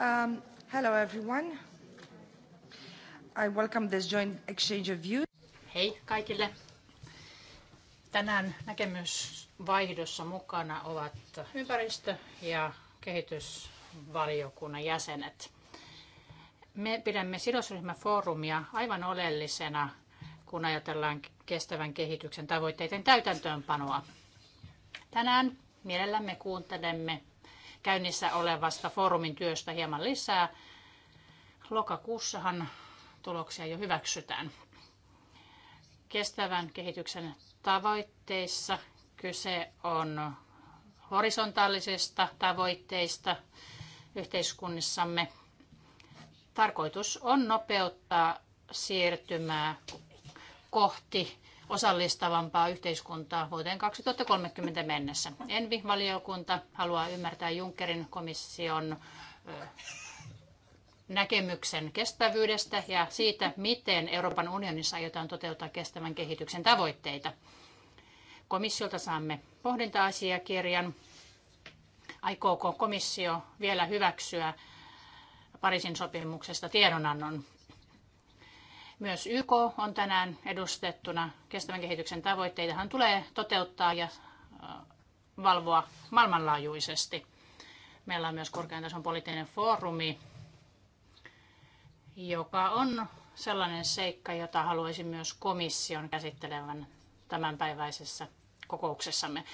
Um, hello everyone. I welcome this joint exchange of views. Hei kaikille. Tänään näkemysvaihdossa mukana ovat ympäristö- ja kehitysvaliokunnan jäsenet. Me pidämme sidosryhmäfoorumia aivan oleellisena, kun ajatellaan kestävän kehityksen tavoitteiden täytäntöönpanoa. Tänään mielellämme kuuntelemme käynnissä olevasta foorumin työstä hieman lisää. Lokakuussahan tuloksia jo hyväksytään. Kestävän kehityksen tavoitteissa kyse on horisontaalisista tavoitteista yhteiskunnissamme. Tarkoitus on nopeuttaa siirtymää kohti osallistavampaa yhteiskuntaa vuoteen 2030 mennessä. Envi-valiokunta haluaa ymmärtää Junckerin komission näkemyksen kestävyydestä ja siitä, miten Euroopan unionissa aiotaan toteuttaa kestävän kehityksen tavoitteita. Komissiolta saamme pohdinta-asiakirjan. Aikooko komissio vielä hyväksyä Pariisin sopimuksesta tiedonannon? Myös YK on tänään edustettuna. Kestävän kehityksen tavoitteitahan tulee toteuttaa ja valvoa maailmanlaajuisesti. Meillä on myös korkean tason poliittinen foorumi, joka on sellainen seikka, jota haluaisin myös komission käsittelevän tämänpäiväisessä kokouksessamme.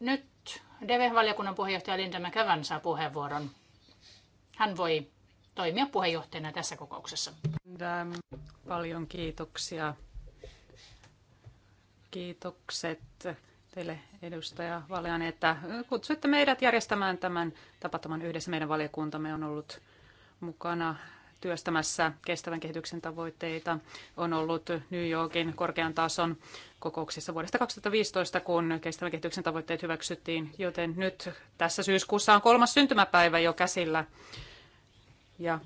Nyt DV-valiokunnan puheenjohtaja Linda McEvan saa puheenvuoron. Hän voi toimia puheenjohtajana tässä kokouksessa. Paljon kiitoksia. Kiitokset teille edustaja Valean, että kutsuitte meidät järjestämään tämän tapahtuman yhdessä. Meidän valiokuntamme on ollut mukana työstämässä kestävän kehityksen tavoitteita. On ollut New Yorkin korkean tason kokouksissa vuodesta 2015, kun kestävän kehityksen tavoitteet hyväksyttiin, joten nyt tässä syyskuussa on kolmas syntymäpäivä jo käsillä ja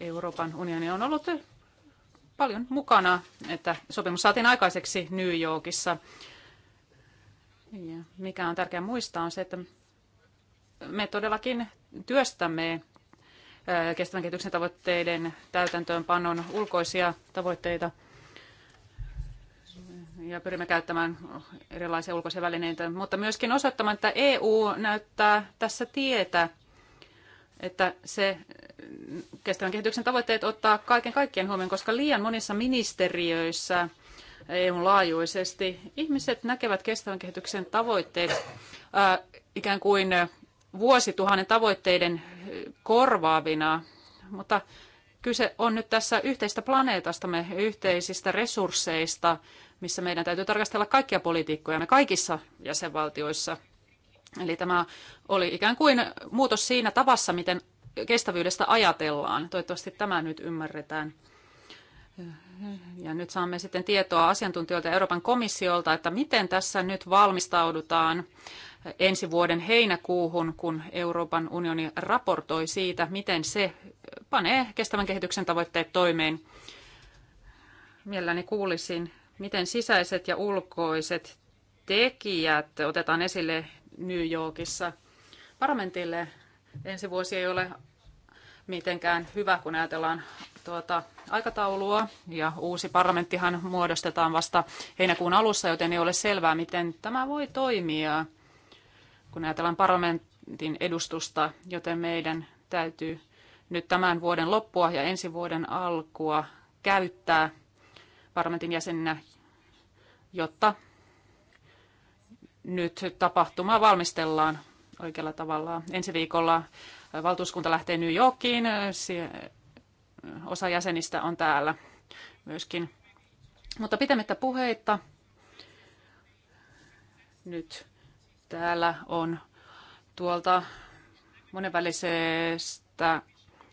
Euroopan unioni on ollut paljon mukana, että sopimus saatiin aikaiseksi New Yorkissa. Ja mikä on tärkeää muistaa on se, että me todellakin työstämme kestävän kehityksen tavoitteiden täytäntöönpanon ulkoisia tavoitteita ja pyrimme käyttämään erilaisia ulkoisia välineitä, mutta myöskin osoittamaan, että EU näyttää tässä tietä, että se kestävän kehityksen tavoitteet ottaa kaiken kaikkien huomioon, koska liian monissa ministeriöissä EUn laajuisesti ihmiset näkevät kestävän kehityksen tavoitteet ää, äh, ikään kuin vuosituhannen tavoitteiden korvaavina, mutta kyse on nyt tässä yhteistä planeetastamme, yhteisistä resursseista, missä meidän täytyy tarkastella kaikkia politiikkoja kaikissa jäsenvaltioissa. Eli tämä oli ikään kuin muutos siinä tavassa, miten kestävyydestä ajatellaan. Toivottavasti tämä nyt ymmärretään. Ja nyt saamme sitten tietoa asiantuntijoilta Euroopan komissiolta, että miten tässä nyt valmistaudutaan ensi vuoden heinäkuuhun, kun Euroopan unioni raportoi siitä, miten se panee kestävän kehityksen tavoitteet toimeen. Mielelläni kuulisin, miten sisäiset ja ulkoiset tekijät otetaan esille New Yorkissa. Parlamentille Ensi vuosi ei ole mitenkään hyvä, kun ajatellaan tuota aikataulua. Ja uusi parlamenttihan muodostetaan vasta heinäkuun alussa, joten ei ole selvää, miten tämä voi toimia, kun ajatellaan parlamentin edustusta, joten meidän täytyy nyt tämän vuoden loppua ja ensi vuoden alkua käyttää parlamentin jäsenenä, jotta nyt tapahtuma valmistellaan oikealla tavalla. Ensi viikolla valtuuskunta lähtee New Yorkiin. Osa jäsenistä on täällä myöskin. Mutta pitämättä puheita nyt täällä on tuolta monenvälisestä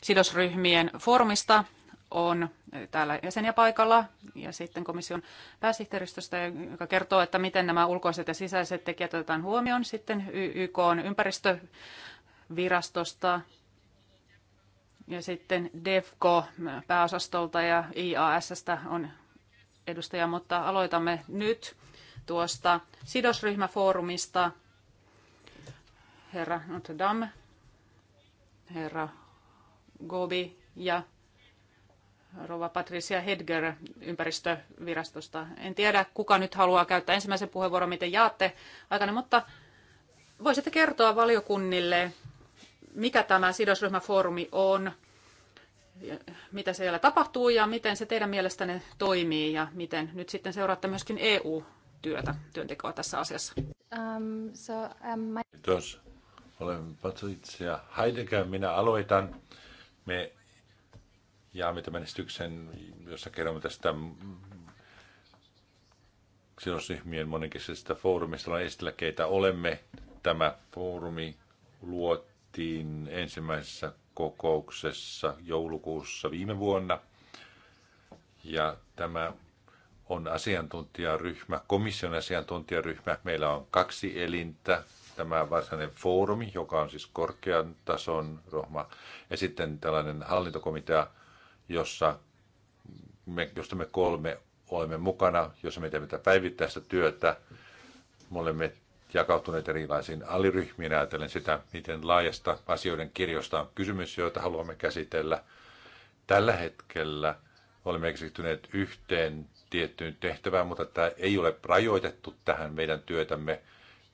sidosryhmien foorumista on täällä jäseniä paikalla ja sitten komission pääsihteeristöstä, joka kertoo, että miten nämä ulkoiset ja sisäiset tekijät otetaan huomioon. Sitten YK on ympäristövirastosta ja sitten DEFCO pääosastolta ja IASstä on edustaja, mutta aloitamme nyt tuosta sidosryhmäfoorumista. Herra Notre Dame, herra Gobi ja rouva Patricia Hedger ympäristövirastosta. En tiedä, kuka nyt haluaa käyttää ensimmäisen puheenvuoron, miten jaatte aikana, mutta voisitte kertoa valiokunnille, mikä tämä sidosryhmäfoorumi on, mitä siellä tapahtuu ja miten se teidän mielestänne toimii ja miten nyt sitten seuraatte myöskin EU-työtä, työntekoa tässä asiassa. Um, so, um, my... Kiitos. Olen Patricia Heidegger, minä aloitan. Me jaamme tämän esityksen, jossa kerromme tästä sidosryhmien monenkeskisestä foorumista. on esitellä, keitä olemme. Tämä foorumi luotiin ensimmäisessä kokouksessa joulukuussa viime vuonna. Ja tämä on asiantuntijaryhmä, komission asiantuntijaryhmä. Meillä on kaksi elintä, tämä varsinainen foorumi, joka on siis korkean tason rohma, ja sitten tällainen hallintokomitea, jossa me, josta me kolme olemme mukana, jossa me teemme päivittäistä työtä. Me olemme jakautuneet erilaisiin aliryhmiin ajatellen sitä, miten laajasta asioiden kirjosta on kysymys, joita haluamme käsitellä. Tällä hetkellä olemme keskittyneet yhteen tiettyyn tehtävään, mutta tämä ei ole rajoitettu tähän meidän työtämme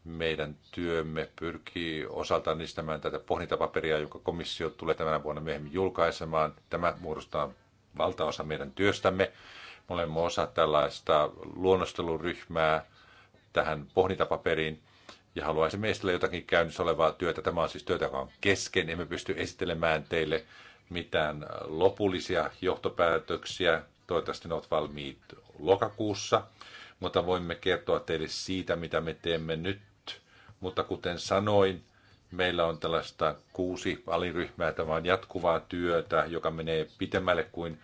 meidän työmme pyrkii osaltaan niistämään tätä pohdintapaperia, jonka komissio tulee tämän vuonna myöhemmin julkaisemaan. Tämä muodostaa valtaosa meidän työstämme. Me olemme osa tällaista luonnosteluryhmää tähän pohdintapaperiin ja haluaisimme esitellä jotakin käynnissä olevaa työtä. Tämä on siis työtä, joka on kesken. Emme pysty esittelemään teille mitään lopullisia johtopäätöksiä. Toivottavasti ne ovat valmiit lokakuussa, mutta voimme kertoa teille siitä, mitä me teemme nyt mutta kuten sanoin, meillä on tällaista kuusi aliryhmää. Tämä on jatkuvaa työtä, joka menee pitemmälle kuin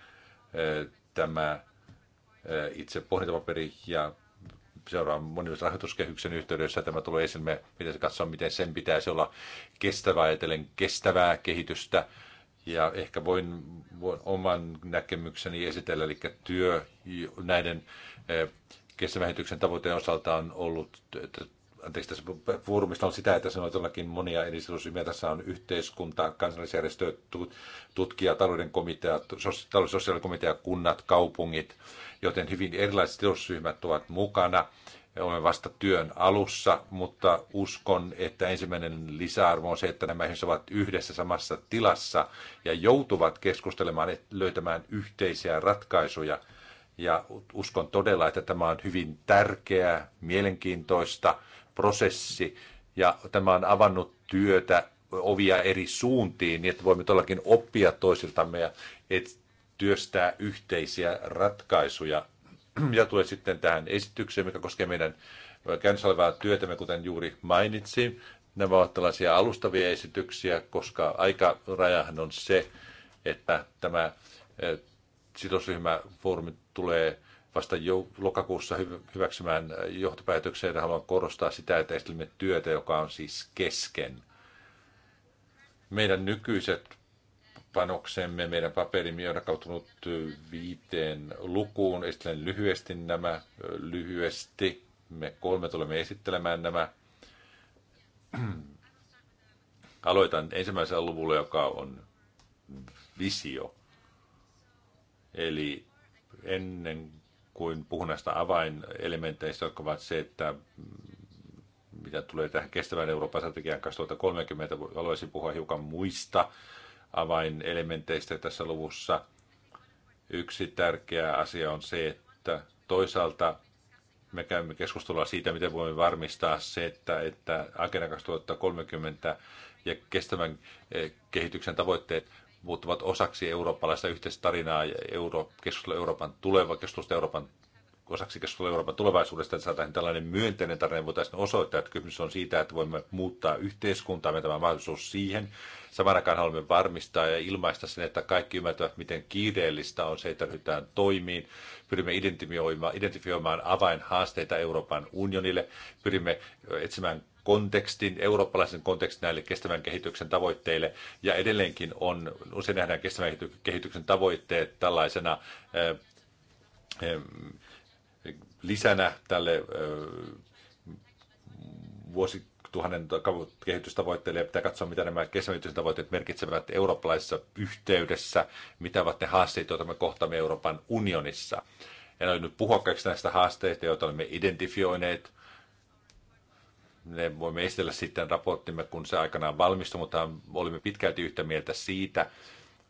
eh, tämä eh, itse pohdintapaperi ja seuraavan monivuotisen rahoituskehyksen yhteydessä tämä tulee esille. Miten se katsoa, miten sen pitäisi olla kestävää ajatellen kestävää kehitystä. Ja ehkä voin, voin oman näkemykseni esitellä, eli työ näiden eh, kestävän tavoitteen osalta on ollut, että anteeksi, tässä foorumista on sitä, että sanoit jollakin monia edistysryhmiä. Tässä on yhteiskunta, kansallisjärjestö, tutkija, talouden komitea, talouden sosiaalikomitea, kunnat, kaupungit, joten hyvin erilaiset sidosryhmät ovat mukana. Olemme vasta työn alussa, mutta uskon, että ensimmäinen lisäarvo on se, että nämä ihmiset ovat yhdessä samassa tilassa ja joutuvat keskustelemaan, löytämään yhteisiä ratkaisuja – ja uskon todella, että tämä on hyvin tärkeää, mielenkiintoista, prosessi ja tämä on avannut työtä ovia eri suuntiin niin, että voimme todellakin oppia toisiltamme ja et työstää yhteisiä ratkaisuja. Ja tulee sitten tähän esitykseen, mikä koskee meidän käynnissä olevaa työtämme, kuten juuri mainitsin. Nämä ovat tällaisia alustavia esityksiä, koska aikarajahan on se, että tämä eh, sidosryhmäfoorumi tulee vasta jo lokakuussa hyväksymään johtopäätökseen. Haluan korostaa sitä, että esitämme työtä, joka on siis kesken. Meidän nykyiset panoksemme, meidän paperimme on rakautunut viiteen lukuun. Esittelen lyhyesti nämä, lyhyesti. Me kolme tulemme esittelemään nämä. Aloitan ensimmäisellä luvulla, joka on visio. Eli ennen kuin puhun näistä avainelementeistä, jotka ovat se, että mitä tulee tähän kestävän Euroopan strategiaan 2030, haluaisin puhua hiukan muista avainelementeistä tässä luvussa. Yksi tärkeä asia on se, että toisaalta me käymme keskustelua siitä, miten voimme varmistaa se, että, että Agenda 2030 ja kestävän eh, kehityksen tavoitteet muuttuvat osaksi eurooppalaista yhteistä tarinaa ja euro, keskustelua Euroopan tuleva, keskustelu Euroopan osaksi keskustelua Euroopan tulevaisuudesta, että saataisiin tällainen myönteinen tarina, voitaisiin osoittaa, että kysymys on siitä, että voimme muuttaa yhteiskuntaa, me tämä mahdollisuus siihen. Samaan aikaan haluamme varmistaa ja ilmaista sen, että kaikki ymmärtävät, miten kiireellistä on se, että ryhdytään toimiin. Pyrimme identifioimaan, identifioimaan avainhaasteita Euroopan unionille, pyrimme etsimään kontekstin, eurooppalaisen kontekstin näille kestävän kehityksen tavoitteille. Ja edelleenkin on, usein nähdään kestävän kehityksen tavoitteet tällaisena eh, eh, lisänä tälle eh, vuosi tuhannen kehitystavoitteille ja pitää katsoa, mitä nämä kestävän tavoitteet merkitsevät eurooppalaisessa yhteydessä, mitä ovat ne haasteet, joita me kohtaamme Euroopan unionissa. En ole nyt puhua kaikista näistä haasteista, joita olemme identifioineet, ne voimme esitellä sitten raporttimme, kun se aikanaan valmistuu, mutta olimme pitkälti yhtä mieltä siitä,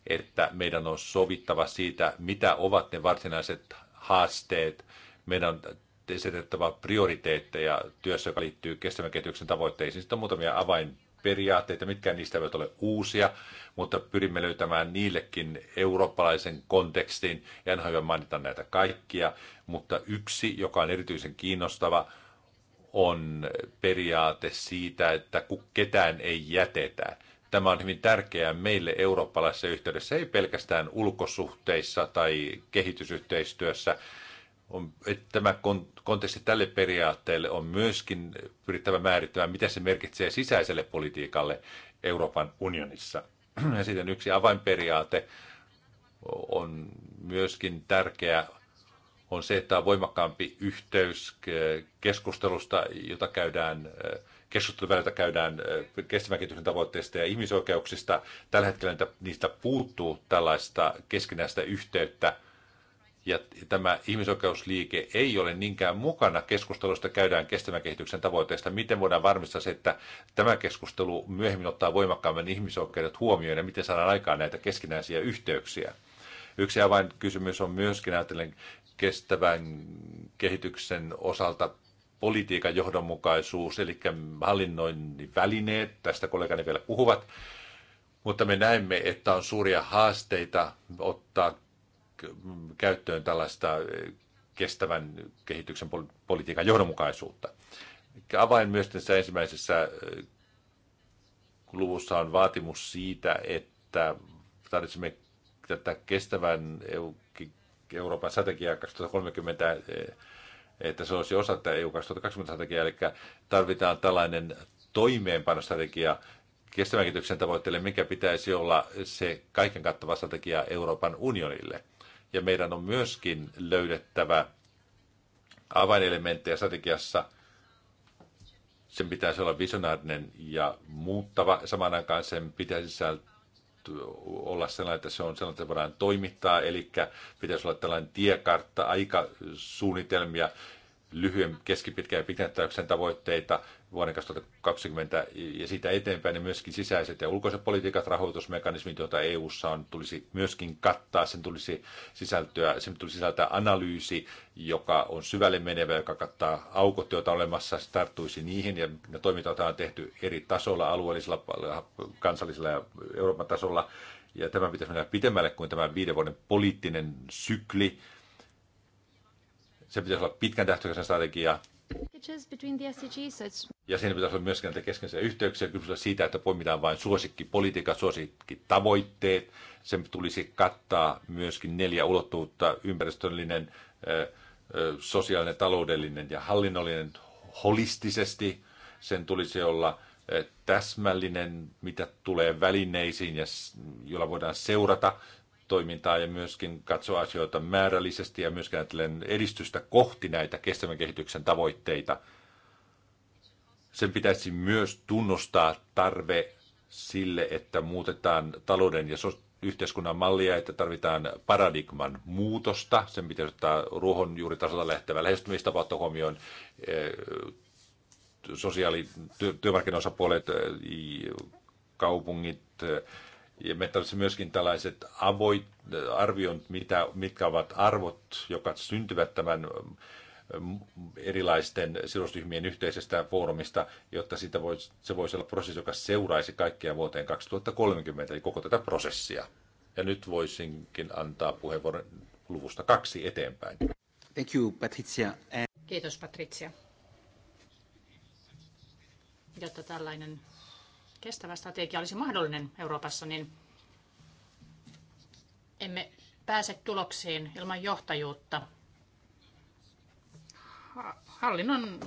että meidän on sovittava siitä, mitä ovat ne varsinaiset haasteet. Meidän on esitettävä prioriteetteja työssä, joka liittyy kestävän kehityksen tavoitteisiin. Sitten on muutamia avainperiaatteita, mitkä niistä eivät ole uusia, mutta pyrimme löytämään niillekin eurooppalaisen kontekstin. En halua mainita näitä kaikkia, mutta yksi, joka on erityisen kiinnostava, on periaate siitä, että ketään ei jätetä. Tämä on hyvin tärkeää meille eurooppalaisessa yhteydessä, ei pelkästään ulkosuhteissa tai kehitysyhteistyössä. tämä konteksti tälle periaatteelle on myöskin pyrittävä määrittämään, mitä se merkitsee sisäiselle politiikalle Euroopan unionissa. Ja sitten yksi avainperiaate on myöskin tärkeä on se, että on voimakkaampi yhteys keskustelusta, jota käydään keskusteluväliltä käydään kestävän kehityksen tavoitteista ja ihmisoikeuksista. Tällä hetkellä niitä, niistä puuttuu tällaista keskinäistä yhteyttä. Ja tämä ihmisoikeusliike ei ole niinkään mukana keskustelusta käydään kestävän kehityksen tavoitteista. Miten voidaan varmistaa se, että tämä keskustelu myöhemmin ottaa voimakkaammin ihmisoikeudet huomioon ja miten saadaan aikaan näitä keskinäisiä yhteyksiä? Yksi avainkysymys on myöskin, ajatellen kestävän kehityksen osalta politiikan johdonmukaisuus, eli hallinnoinnin välineet, tästä kollegani vielä puhuvat, mutta me näemme, että on suuria haasteita ottaa käyttöön tällaista kestävän kehityksen politiikan johdonmukaisuutta. Avain myös tässä ensimmäisessä luvussa on vaatimus siitä, että tarvitsemme tätä kestävän Euroopan strategia 2030, että se olisi osa tätä EU 2020 strategiaa, eli tarvitaan tällainen toimeenpanostrategia kestävän kehityksen tavoitteille, mikä pitäisi olla se kaiken kattava strategia Euroopan unionille. Ja meidän on myöskin löydettävä avainelementtejä strategiassa. Sen pitäisi olla visionaarinen ja muuttava. Samaan aikaan sen pitäisi sisältää olla sellainen, että se on sellainen, että voidaan toimittaa, eli pitäisi olla tällainen tiekartta, aikasuunnitelmia, lyhyen, keskipitkän ja pitkän tavoitteita, vuoden 2020 ja siitä eteenpäin niin myöskin sisäiset ja ulkoiset politiikat, rahoitusmekanismit, joita EU:ssa on, tulisi myöskin kattaa. Sen tulisi, sisältyä, sen tulisi sisältää analyysi, joka on syvälle menevä, joka kattaa aukot, joita on olemassa, se tarttuisi niihin ja ne toiminta, on tehty eri tasolla, alueellisella, kansallisella ja Euroopan tasolla. Ja tämä pitäisi mennä pitemmälle kuin tämä viiden vuoden poliittinen sykli, se pitäisi olla pitkän tähtäyksen strategia, E ja siinä pitäisi olla myöskin näitä keskeisiä yhteyksiä. Kysymys siitä, että poimitaan vain suosikkipolitiikka, suosikkitavoitteet. Sen tulisi kattaa myöskin neljä ulottuvuutta, ympäristöllinen, sosiaalinen, taloudellinen ja hallinnollinen holistisesti. Sen tulisi olla täsmällinen, mitä tulee välineisiin, ja jolla voidaan seurata toimintaa ja myöskin katsoa asioita määrällisesti ja myöskin ajatellen edistystä kohti näitä kestävän kehityksen tavoitteita. Sen pitäisi myös tunnustaa tarve sille, että muutetaan talouden ja yhteiskunnan mallia, että tarvitaan paradigman muutosta. Sen pitäisi ottaa ruohonjuuritasolta lähtevä lähestymistapa huomioon eh, sosiaali- työmarkkinaosapuolet, eh, kaupungit, eh, ja me tarvitsemme myöskin tällaiset avoit, arvion, mitä, mitkä ovat arvot, jotka syntyvät tämän mm, erilaisten sidosryhmien yhteisestä foorumista, jotta siitä voi, se voisi olla prosessi, joka seuraisi kaikkia vuoteen 2030, eli koko tätä prosessia. Ja nyt voisinkin antaa puheenvuoron luvusta kaksi eteenpäin. Thank you, Patricia. Kiitos, Patricia. Jotta tällainen kestävä strategia olisi mahdollinen Euroopassa, niin emme pääse tuloksiin ilman johtajuutta. Hallinnon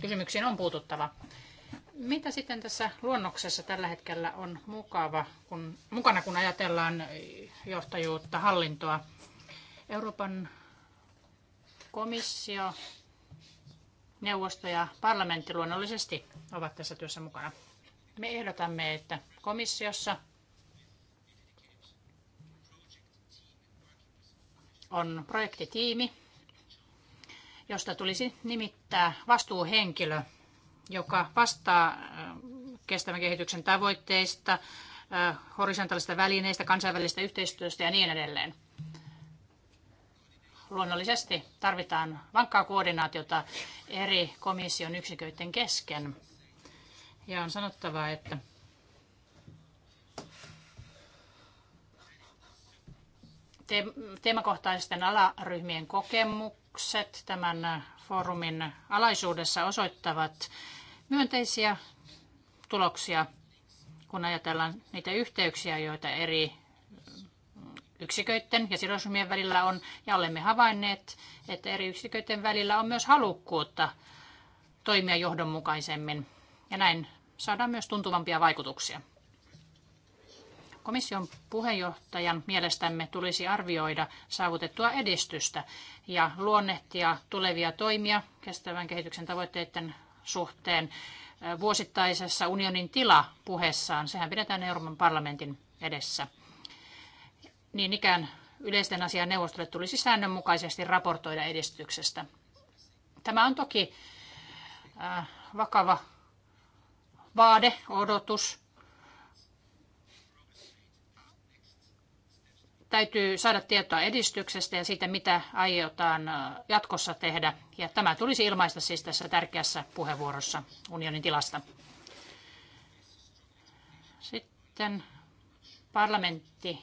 kysymyksiin on puututtava. Mitä sitten tässä luonnoksessa tällä hetkellä on mukava, kun, mukana, kun ajatellaan johtajuutta, hallintoa? Euroopan komissio, neuvosto ja parlamentti luonnollisesti ovat tässä työssä mukana. Me ehdotamme, että komissiossa on projektitiimi, josta tulisi nimittää vastuuhenkilö, joka vastaa äh, kestävän kehityksen tavoitteista, äh, horisontaalista välineistä, kansainvälisestä yhteistyöstä ja niin edelleen. Luonnollisesti tarvitaan vankkaa koordinaatiota eri komission yksiköiden kesken ja on sanottava, että teemakohtaisten alaryhmien kokemukset tämän foorumin alaisuudessa osoittavat myönteisiä tuloksia, kun ajatellaan niitä yhteyksiä, joita eri yksiköiden ja sidosryhmien välillä on, ja olemme havainneet, että eri yksiköiden välillä on myös halukkuutta toimia johdonmukaisemmin ja näin saadaan myös tuntuvampia vaikutuksia. Komission puheenjohtajan mielestämme tulisi arvioida saavutettua edistystä ja luonnehtia tulevia toimia kestävän kehityksen tavoitteiden suhteen vuosittaisessa unionin tila puheessaan. Sehän pidetään Euroopan parlamentin edessä. Niin ikään yleisten asian neuvostolle tulisi säännönmukaisesti raportoida edistyksestä. Tämä on toki äh, vakava vaade, odotus. Täytyy saada tietoa edistyksestä ja siitä, mitä aiotaan jatkossa tehdä. Ja tämä tulisi ilmaista siis tässä tärkeässä puheenvuorossa unionin tilasta. Sitten parlamentti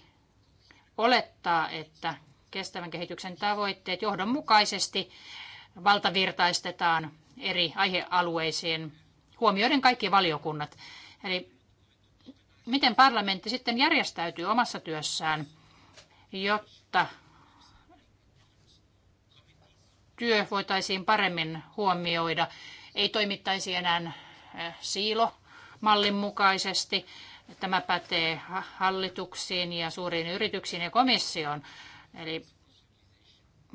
olettaa, että kestävän kehityksen tavoitteet johdonmukaisesti valtavirtaistetaan eri aihealueisiin huomioiden kaikki valiokunnat. Eli miten parlamentti sitten järjestäytyy omassa työssään, jotta työ voitaisiin paremmin huomioida, ei toimittaisi enää eh, mallin mukaisesti. Tämä pätee hallituksiin ja suuriin yrityksiin ja komissioon. Eli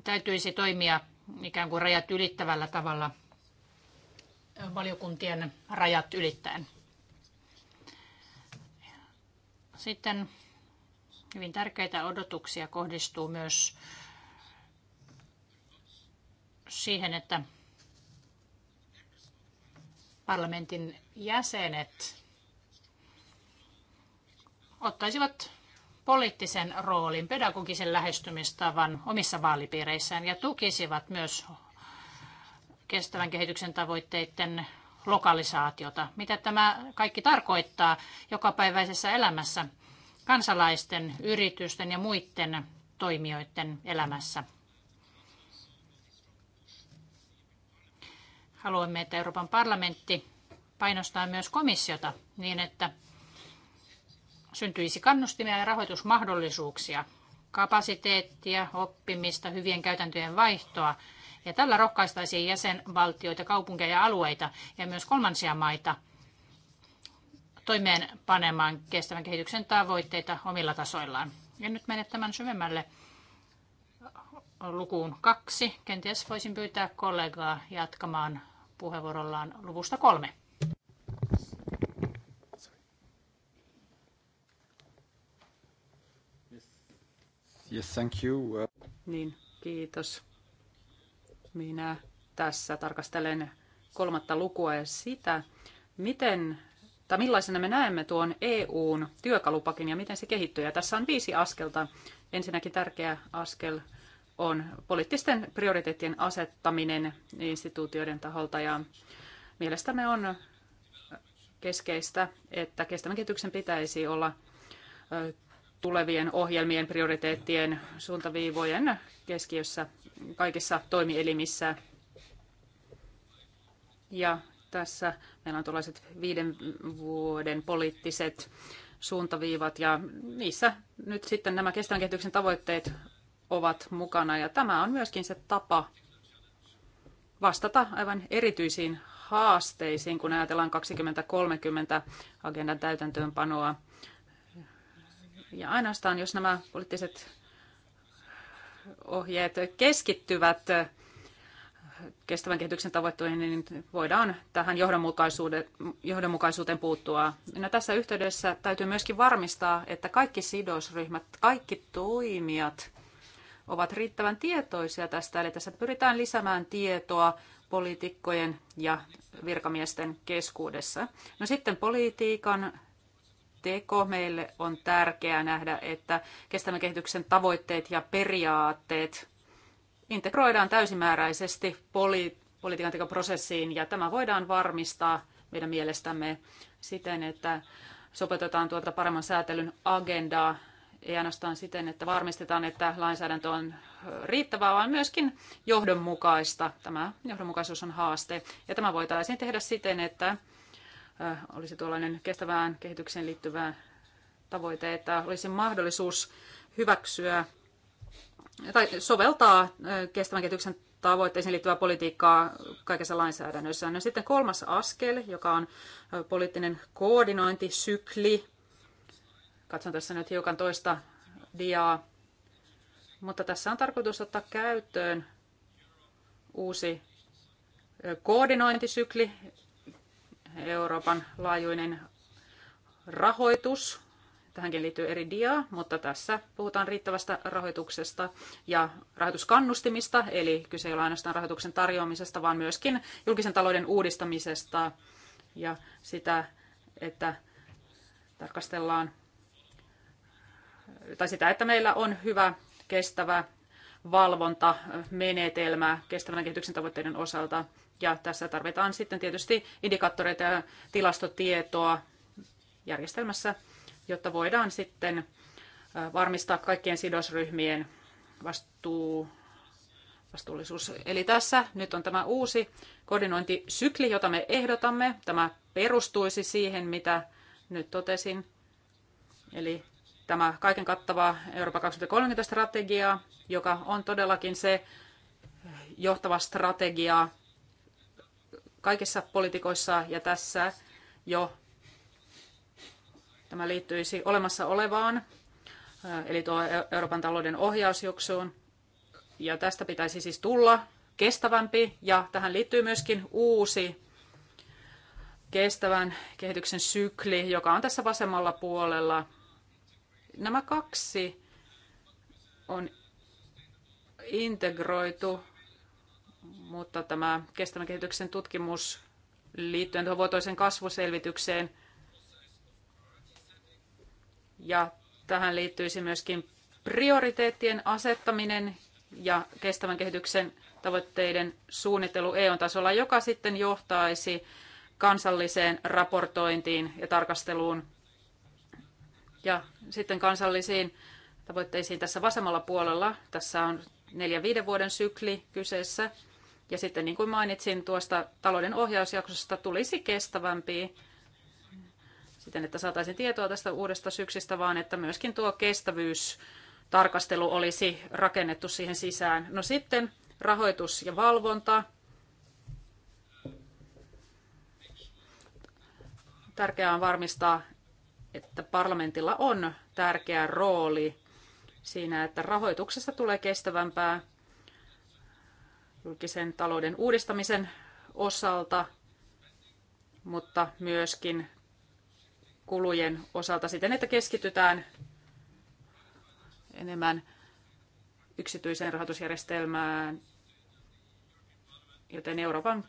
täytyisi toimia ikään kuin rajat ylittävällä tavalla – valiokuntien rajat ylittäen. Sitten hyvin tärkeitä odotuksia kohdistuu myös siihen, että parlamentin jäsenet ottaisivat poliittisen roolin, pedagogisen lähestymistavan omissa vaalipiireissään ja tukisivat myös kestävän kehityksen tavoitteiden lokalisaatiota. Mitä tämä kaikki tarkoittaa jokapäiväisessä elämässä kansalaisten, yritysten ja muiden toimijoiden elämässä? Haluamme, että Euroopan parlamentti painostaa myös komissiota niin, että syntyisi kannustimia ja rahoitusmahdollisuuksia, kapasiteettia, oppimista, hyvien käytäntöjen vaihtoa – ja tällä rohkaistaisiin jäsenvaltioita, kaupunkeja ja alueita ja myös kolmansia maita toimeenpanemaan kestävän kehityksen tavoitteita omilla tasoillaan. Ja nyt menet tämän syvemmälle lukuun kaksi. Kenties voisin pyytää kollegaa jatkamaan puheenvuorollaan luvusta kolme. Yes, thank you. Niin, kiitos. Minä tässä tarkastelen kolmatta lukua ja sitä, miten tai millaisena me näemme tuon EUn työkalupakin ja miten se kehittyy. Ja tässä on viisi askelta. Ensinnäkin tärkeä askel on poliittisten prioriteettien asettaminen instituutioiden taholta ja mielestämme on keskeistä, että kestävän kehityksen pitäisi olla tulevien ohjelmien, prioriteettien, suuntaviivojen keskiössä kaikissa toimielimissä. Ja tässä meillä on tuollaiset viiden vuoden poliittiset suuntaviivat ja niissä nyt sitten nämä kestävän kehityksen tavoitteet ovat mukana ja tämä on myöskin se tapa vastata aivan erityisiin haasteisiin, kun ajatellaan 2030 agendan täytäntöönpanoa. Ja ainoastaan jos nämä poliittiset ohjeet keskittyvät kestävän kehityksen tavoitteisiin, niin voidaan tähän johdonmukaisuuteen puuttua. No, tässä yhteydessä täytyy myöskin varmistaa, että kaikki sidosryhmät, kaikki toimijat ovat riittävän tietoisia tästä. Eli tässä pyritään lisäämään tietoa poliitikkojen ja virkamiesten keskuudessa. No sitten politiikan teko. Meille on tärkeää nähdä, että kestävän kehityksen tavoitteet ja periaatteet integroidaan täysimääräisesti poli- politiikan tekoprosessiin ja tämä voidaan varmistaa meidän mielestämme siten, että sopeutetaan tuota paremman säätelyn agendaa ei ainoastaan siten, että varmistetaan, että lainsäädäntö on riittävää, vaan myöskin johdonmukaista. Tämä johdonmukaisuus on haaste. Ja tämä voitaisiin tehdä siten, että Äh, olisi tuollainen kestävään kehitykseen liittyvä tavoite, että olisi mahdollisuus hyväksyä tai soveltaa äh, kestävän kehityksen tavoitteisiin liittyvää politiikkaa kaikessa lainsäädännössä. No sitten kolmas askel, joka on äh, poliittinen koordinointisykli. Katson tässä nyt hiukan toista diaa. Mutta tässä on tarkoitus ottaa käyttöön uusi koordinointisykli Euroopan laajuinen rahoitus. Tähänkin liittyy eri dia, mutta tässä puhutaan riittävästä rahoituksesta ja rahoituskannustimista, eli kyse ei ole ainoastaan rahoituksen tarjoamisesta, vaan myöskin julkisen talouden uudistamisesta ja sitä, että tarkastellaan tai sitä, että meillä on hyvä, kestävä valvontamenetelmä kestävän kehityksen tavoitteiden osalta ja tässä tarvitaan sitten tietysti indikaattoreita ja tilastotietoa järjestelmässä, jotta voidaan sitten varmistaa kaikkien sidosryhmien vastuu, vastuullisuus. Eli tässä nyt on tämä uusi koordinointisykli, jota me ehdotamme. Tämä perustuisi siihen, mitä nyt totesin. Eli tämä kaiken kattava Euroopan 2030 strategia, joka on todellakin se johtava strategia kaikissa politikoissa ja tässä jo tämä liittyisi olemassa olevaan, äh, eli tuo Euroopan talouden ohjausjuksuun. Ja tästä pitäisi siis tulla kestävämpi ja tähän liittyy myöskin uusi kestävän kehityksen sykli, joka on tässä vasemmalla puolella. Nämä kaksi on integroitu mutta tämä kestävän kehityksen tutkimus liittyen tuohon vuotoisen kasvuselvitykseen ja tähän liittyisi myöskin prioriteettien asettaminen ja kestävän kehityksen tavoitteiden suunnittelu EU-tasolla, joka sitten johtaisi kansalliseen raportointiin ja tarkasteluun ja sitten kansallisiin tavoitteisiin tässä vasemmalla puolella. Tässä on neljä viiden vuoden sykli kyseessä ja sitten niin kuin mainitsin tuosta talouden ohjausjaksosta, tulisi kestävämpi siten, että saataisiin tietoa tästä uudesta syksystä vaan että myöskin tuo kestävyystarkastelu olisi rakennettu siihen sisään. No sitten rahoitus ja valvonta. Tärkeää on varmistaa, että parlamentilla on tärkeä rooli siinä, että rahoituksesta tulee kestävämpää julkisen talouden uudistamisen osalta, mutta myöskin kulujen osalta siten, että keskitytään enemmän yksityiseen rahoitusjärjestelmään, joten Euroopan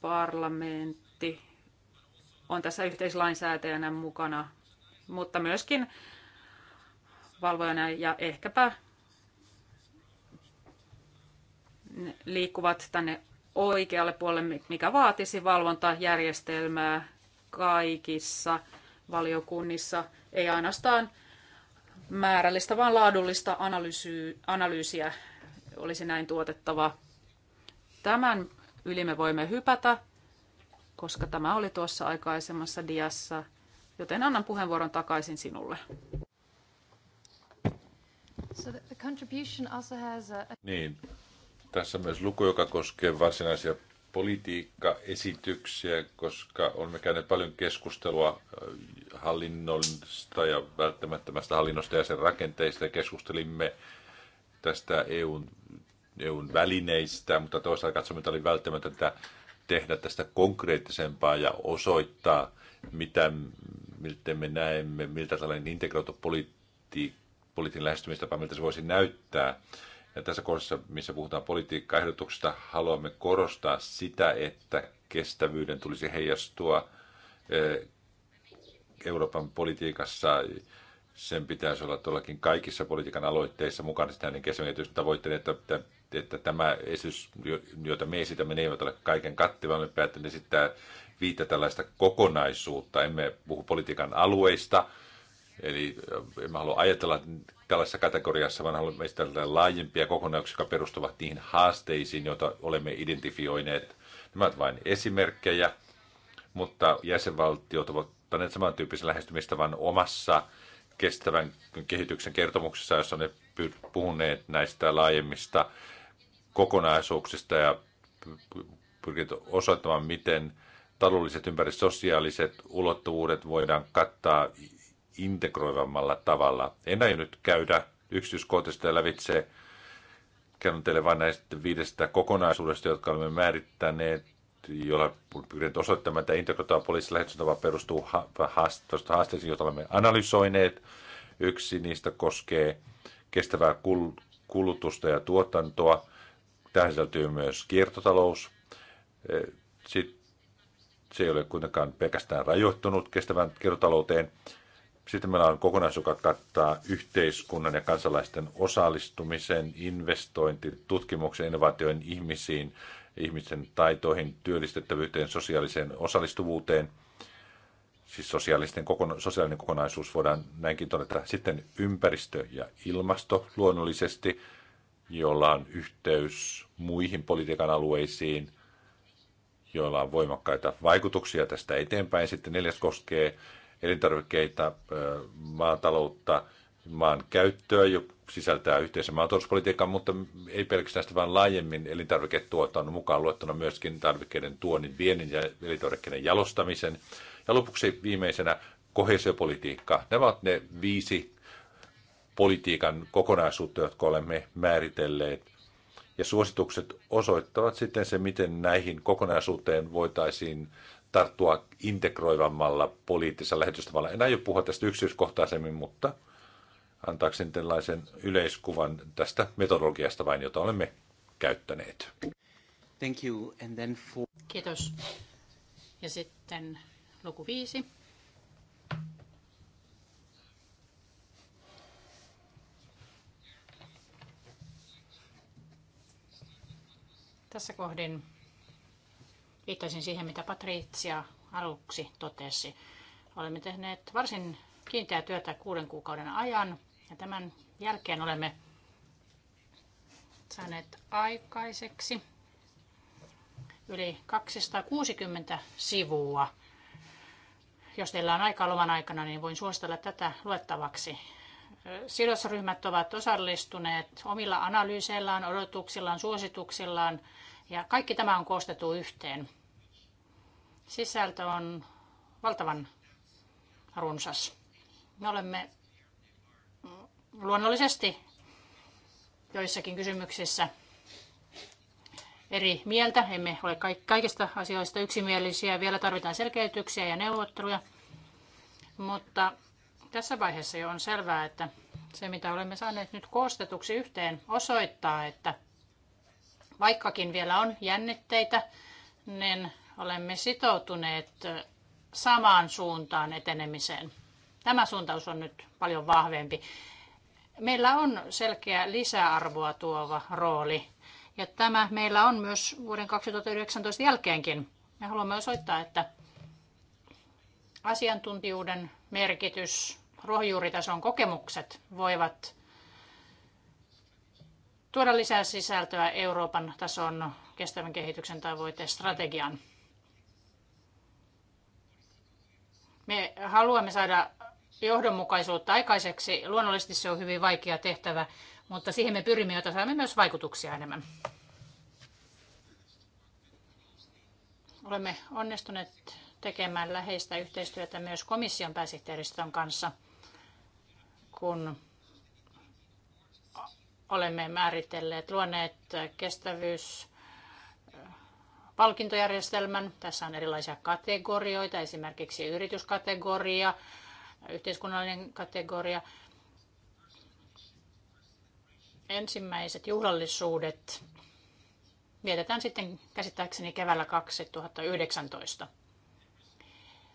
parlamentti on tässä yhteislainsäätäjänä mukana, mutta myöskin valvojana ja ehkäpä liikkuvat tänne oikealle puolelle, mikä vaatisi valvontajärjestelmää kaikissa valiokunnissa, ei ainoastaan määrällistä, vaan laadullista analyysiä olisi näin tuotettava. Tämän yli me voimme hypätä, koska tämä oli tuossa aikaisemmassa diassa, joten annan puheenvuoron takaisin sinulle. Niin, tässä on myös luku, joka koskee varsinaisia politiikkaesityksiä, koska olemme käyneet paljon keskustelua hallinnosta ja välttämättömästä hallinnosta ja sen rakenteista. Keskustelimme tästä EUn, EUn välineistä, mutta toisaalta katsomme, että oli välttämätöntä tehdä tästä konkreettisempaa ja osoittaa, mitä, miltä me näemme, miltä tällainen integroitu politi- poliittinen lähestymistapa, miltä se voisi näyttää. Ja tässä kohdassa, missä puhutaan politiikkaehdotuksesta, haluamme korostaa sitä, että kestävyyden tulisi heijastua e, Euroopan politiikassa. Sen pitäisi olla tuollakin kaikissa politiikan aloitteissa mukana sitä niin kestävyyden tavoitteena, että, että, että tämä esitys, jota me esitämme, ne eivät ole kaiken kattava. Me päätämme esittää viittä tällaista kokonaisuutta. Emme puhu politiikan alueista, Eli äh, emme halua ajatella tällaisessa kategoriassa, vaan haluamme esitellä laajempia kokonaisuuksia, jotka perustuvat niihin haasteisiin, joita olemme identifioineet. Nämä ovat vain esimerkkejä, mutta jäsenvaltiot ovat ottaneet samantyyppisen lähestymistavan omassa kestävän kehityksen kertomuksessa, jossa ne puhuneet näistä laajemmista kokonaisuuksista ja pyrkivät osoittamaan, miten taloudelliset sosiaaliset ulottuvuudet voidaan kattaa integroivammalla tavalla. En aio nyt käydä yksityiskohtaisesti lävitse. Kerron teille vain näistä viidestä kokonaisuudesta, jotka olemme määrittäneet, jolla pyrin osoittamaan, että integroitava poliisin perustuu perustuu haasteisiin, joita olemme analysoineet. Yksi niistä koskee kestävää kulutusta ja tuotantoa. Tähän sisältyy myös kiertotalous. Sitten se ei ole kuitenkaan pelkästään rajoittunut kestävän kiertotalouteen. Sitten meillä on kokonaisuus, joka kattaa yhteiskunnan ja kansalaisten osallistumisen, investointi, tutkimuksen, innovaatioihin, ihmisiin, ihmisten taitoihin, työllistettävyyteen, sosiaaliseen osallistuvuuteen. Siis sosiaalisten kokona- sosiaalinen kokonaisuus voidaan näinkin todeta. Sitten ympäristö ja ilmasto luonnollisesti, jolla on yhteys muihin politiikan alueisiin, joilla on voimakkaita vaikutuksia tästä eteenpäin. Sitten neljäs koskee elintarvikkeita, maataloutta, maan käyttöä, jo sisältää yhteisen maatalouspolitiikan, mutta ei pelkästään sitä, vaan laajemmin elintarviketuotannon mukaan luettuna myöskin tarvikkeiden tuonnin, viennin ja elintarvikkeiden jalostamisen. Ja lopuksi viimeisenä kohesiopolitiikka. Nämä ovat ne viisi politiikan kokonaisuutta, jotka olemme määritelleet. Ja suositukset osoittavat sitten se, miten näihin kokonaisuuteen voitaisiin tarttua integroivammalla poliittisella lähetystavalla. En aio puhua tästä yksityiskohtaisemmin, mutta antaakseni tällaisen yleiskuvan tästä metodologiasta vain, jota olemme käyttäneet. Thank you. And then for... Kiitos. Ja sitten luku viisi. Tässä kohdin Viittaisin siihen, mitä Patricia aluksi totesi. Olemme tehneet varsin kiinteää työtä kuuden kuukauden ajan ja tämän jälkeen olemme saaneet aikaiseksi yli 260 sivua. Jos teillä on aikaa loman aikana, niin voin suositella tätä luettavaksi. Sidosryhmät ovat osallistuneet omilla analyyseillaan, odotuksillaan, suosituksillaan ja kaikki tämä on koostettu yhteen. Sisältö on valtavan runsas. Me olemme luonnollisesti joissakin kysymyksissä eri mieltä. Emme ole kaikista asioista yksimielisiä. Vielä tarvitaan selkeytyksiä ja neuvotteluja. Mutta tässä vaiheessa jo on selvää, että se mitä olemme saaneet nyt koostetuksi yhteen osoittaa, että Vaikkakin vielä on jännitteitä, niin olemme sitoutuneet samaan suuntaan etenemiseen. Tämä suuntaus on nyt paljon vahvempi. Meillä on selkeä lisäarvoa tuova rooli ja tämä meillä on myös vuoden 2019 jälkeenkin. Me haluamme osoittaa, että asiantuntijuuden merkitys, rohjuuritason kokemukset voivat tuoda lisää sisältöä Euroopan tason kestävän kehityksen tavoitestrategiaan. Me haluamme saada johdonmukaisuutta aikaiseksi. Luonnollisesti se on hyvin vaikea tehtävä, mutta siihen me pyrimme, jotta saamme myös vaikutuksia enemmän. Olemme onnistuneet tekemään läheistä yhteistyötä myös komission pääsihteeristön kanssa, kun olemme määritelleet, luoneet kestävyys palkintojärjestelmän. Tässä on erilaisia kategorioita, esimerkiksi yrityskategoria, yhteiskunnallinen kategoria. Ensimmäiset juhlallisuudet vietetään sitten käsittääkseni keväällä 2019.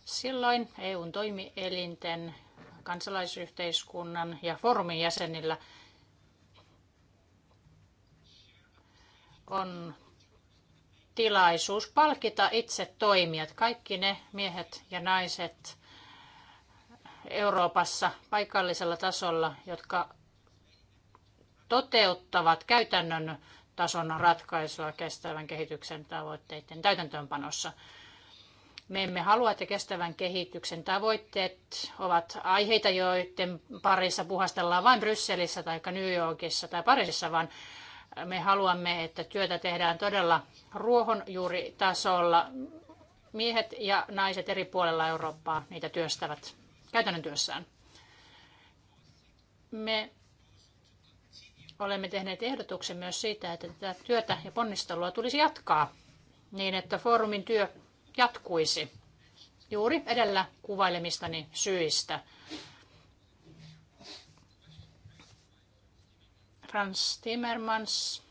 Silloin EUn toimielinten, kansalaisyhteiskunnan ja foorumin jäsenillä – on tilaisuus palkita itse toimijat, kaikki ne miehet ja naiset Euroopassa paikallisella tasolla, jotka toteuttavat käytännön tason ratkaisua kestävän kehityksen tavoitteiden täytäntöönpanossa. Me emme halua, että kestävän kehityksen tavoitteet ovat aiheita, joiden parissa puhastellaan vain Brysselissä tai New Yorkissa tai Pariisissa, vaan me haluamme, että työtä tehdään todella ruohonjuuritasolla. Miehet ja naiset eri puolella Eurooppaa niitä työstävät käytännön työssään. Me olemme tehneet ehdotuksen myös siitä, että tätä työtä ja ponnistelua tulisi jatkaa niin, että foorumin työ jatkuisi juuri edellä kuvailemistani syistä. Frans Timmermans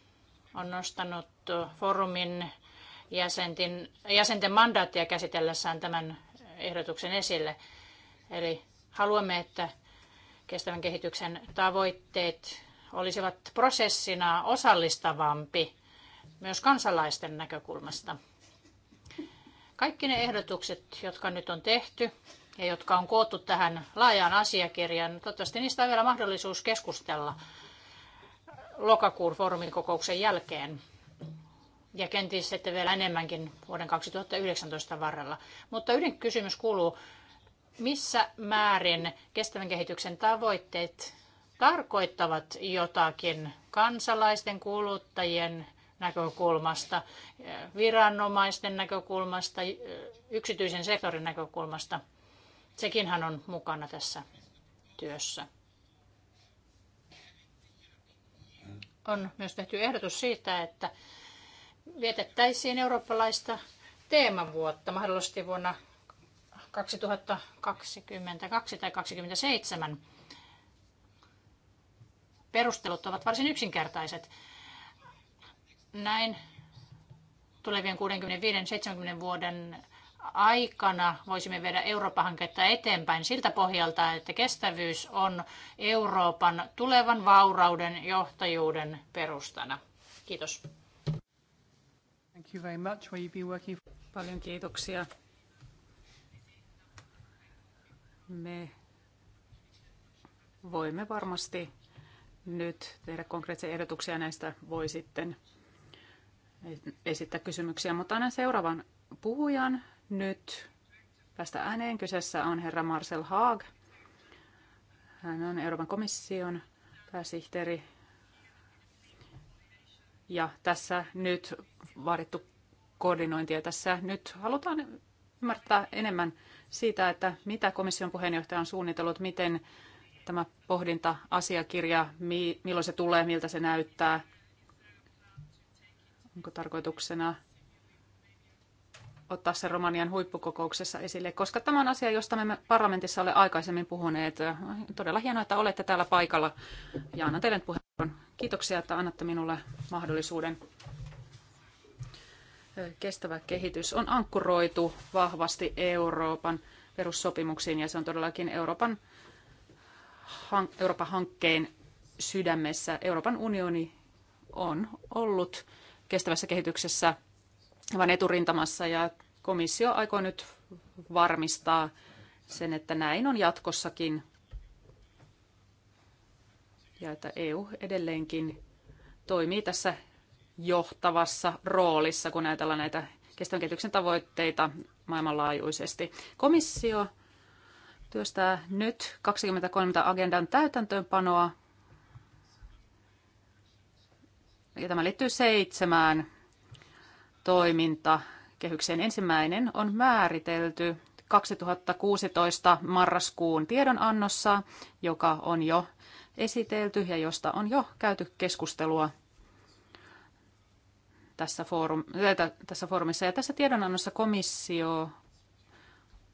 on nostanut forumin jäsenten, jäsenten mandaattia käsitellessään tämän ehdotuksen esille. Eli haluamme, että kestävän kehityksen tavoitteet olisivat prosessina osallistavampi myös kansalaisten näkökulmasta. Kaikki ne ehdotukset, jotka nyt on tehty ja jotka on koottu tähän laajaan asiakirjaan, toivottavasti niistä on vielä mahdollisuus keskustella – lokakuun foorumin kokouksen jälkeen ja kenties sitten vielä enemmänkin vuoden 2019 varrella. Mutta yhden kysymys kuuluu, missä määrin kestävän kehityksen tavoitteet tarkoittavat jotakin kansalaisten, kuluttajien näkökulmasta, viranomaisten näkökulmasta, yksityisen sektorin näkökulmasta. Sekinhän on mukana tässä työssä. on myös tehty ehdotus siitä, että vietettäisiin eurooppalaista teemavuotta mahdollisesti vuonna 2022 tai 2027. Perustelut ovat varsin yksinkertaiset. Näin tulevien 65-70 vuoden aikana voisimme viedä Eurooppa-hanketta eteenpäin siltä pohjalta, että kestävyys on Euroopan tulevan vaurauden johtajuuden perustana. Kiitos. Thank you very much. Will you be working... Paljon kiitoksia. Me voimme varmasti nyt tehdä konkreettisia ehdotuksia näistä. Voi sitten esittää kysymyksiä, mutta annan seuraavan puhujan nyt päästä ääneen. Kyseessä on herra Marcel Haag. Hän on Euroopan komission pääsihteeri. Ja tässä nyt vaadittu ja Tässä nyt halutaan ymmärtää enemmän siitä, että mitä komission puheenjohtaja on suunnitellut, miten tämä pohdinta-asiakirja, milloin se tulee, miltä se näyttää, onko tarkoituksena ottaa se Romanian huippukokouksessa esille, koska tämä on asia, josta me parlamentissa ole aikaisemmin puhuneet. Todella hienoa, että olette täällä paikalla ja annan teille puheenvuoron. Kiitoksia, että annatte minulle mahdollisuuden. Kestävä kehitys on ankkuroitu vahvasti Euroopan perussopimuksiin ja se on todellakin Euroopan, Euroopan hankkeen sydämessä. Euroopan unioni on ollut kestävässä kehityksessä – vaan eturintamassa ja komissio aikoo nyt varmistaa sen, että näin on jatkossakin ja että EU edelleenkin toimii tässä johtavassa roolissa, kun ajatellaan näitä kestävän kehityksen tavoitteita maailmanlaajuisesti. Komissio työstää nyt 23 agendan täytäntöönpanoa. Ja tämä liittyy seitsemään toiminta kehyksen Ensimmäinen on määritelty 2016 marraskuun tiedonannossa, joka on jo esitelty ja josta on jo käyty keskustelua tässä, foorum, äh, tässä foorumissa. Ja tässä tiedonannossa komissio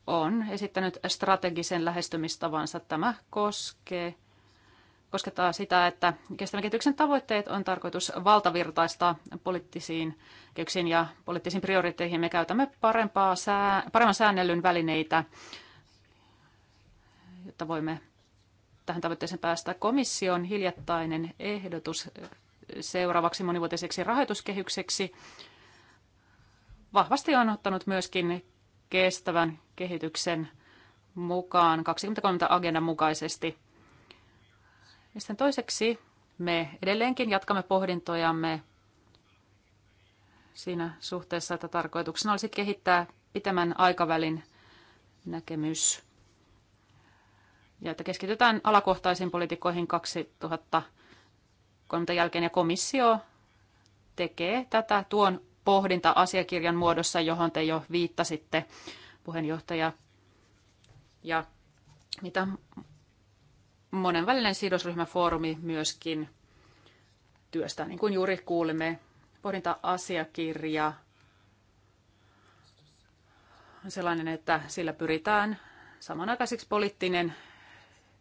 on esittänyt strategisen lähestymistavansa. Tämä koskee koskettaa sitä, että kestävän kehityksen tavoitteet on tarkoitus valtavirtaistaa poliittisiin kehyksiin ja poliittisiin prioriteetteihin. Me käytämme parempaa sää, paremman säännellyn välineitä, jotta voimme tähän tavoitteeseen päästä. Komission hiljattainen ehdotus seuraavaksi monivuotiseksi rahoituskehykseksi vahvasti on ottanut myöskin kestävän kehityksen mukaan 2030 agendan mukaisesti. Ja sitten toiseksi me edelleenkin jatkamme pohdintojamme siinä suhteessa, että tarkoituksena olisi kehittää pitemmän aikavälin näkemys ja että keskitytään alakohtaisiin poliitikkoihin 2030 jälkeen ja komissio tekee tätä tuon pohdinta-asiakirjan muodossa, johon te jo viittasitte, puheenjohtaja. Ja mitä monenvälinen sidosryhmäfoorumi myöskin työstä, niin kuin juuri kuulimme, pohdinta-asiakirja on sellainen, että sillä pyritään samanaikaiseksi poliittinen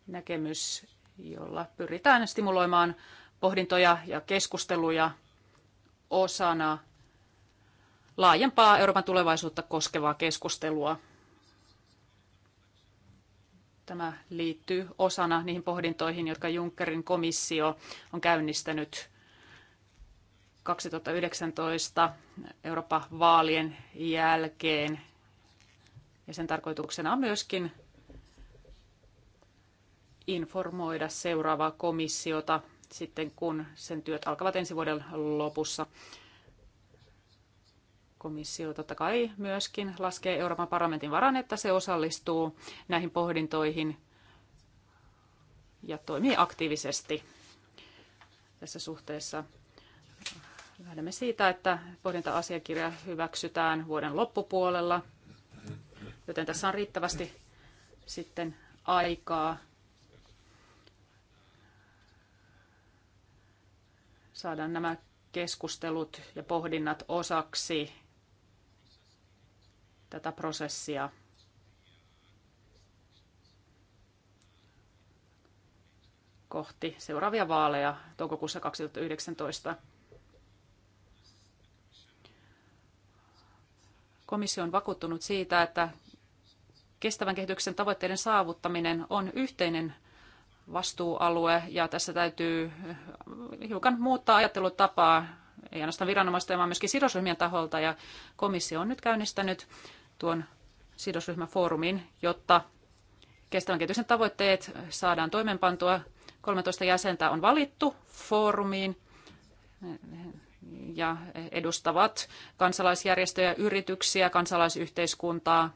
näkemys, jolla pyritään stimuloimaan pohdintoja ja keskusteluja osana laajempaa Euroopan tulevaisuutta koskevaa keskustelua – Tämä liittyy osana niihin pohdintoihin, jotka Junckerin komissio on käynnistänyt 2019 Euroopan vaalien jälkeen. Ja sen tarkoituksena on myöskin informoida seuraavaa komissiota sitten, kun sen työt alkavat ensi vuoden lopussa komissio totta kai myöskin laskee Euroopan parlamentin varan, että se osallistuu näihin pohdintoihin ja toimii aktiivisesti tässä suhteessa. Lähdemme siitä, että pohdinta-asiakirja hyväksytään vuoden loppupuolella, joten tässä on riittävästi sitten aikaa saada nämä keskustelut ja pohdinnat osaksi tätä prosessia. kohti seuraavia vaaleja toukokuussa 2019. Komissio on vakuuttunut siitä, että kestävän kehityksen tavoitteiden saavuttaminen on yhteinen vastuualue ja tässä täytyy hiukan muuttaa ajattelutapaa ei ainoastaan viranomaisten, vaan myöskin sidosryhmien taholta. Ja komissio on nyt käynnistänyt tuon sidosryhmäfoorumin, jotta kestävän kehityksen tavoitteet saadaan toimeenpantua. 13 jäsentä on valittu foorumiin ja edustavat kansalaisjärjestöjä, yrityksiä, kansalaisyhteiskuntaa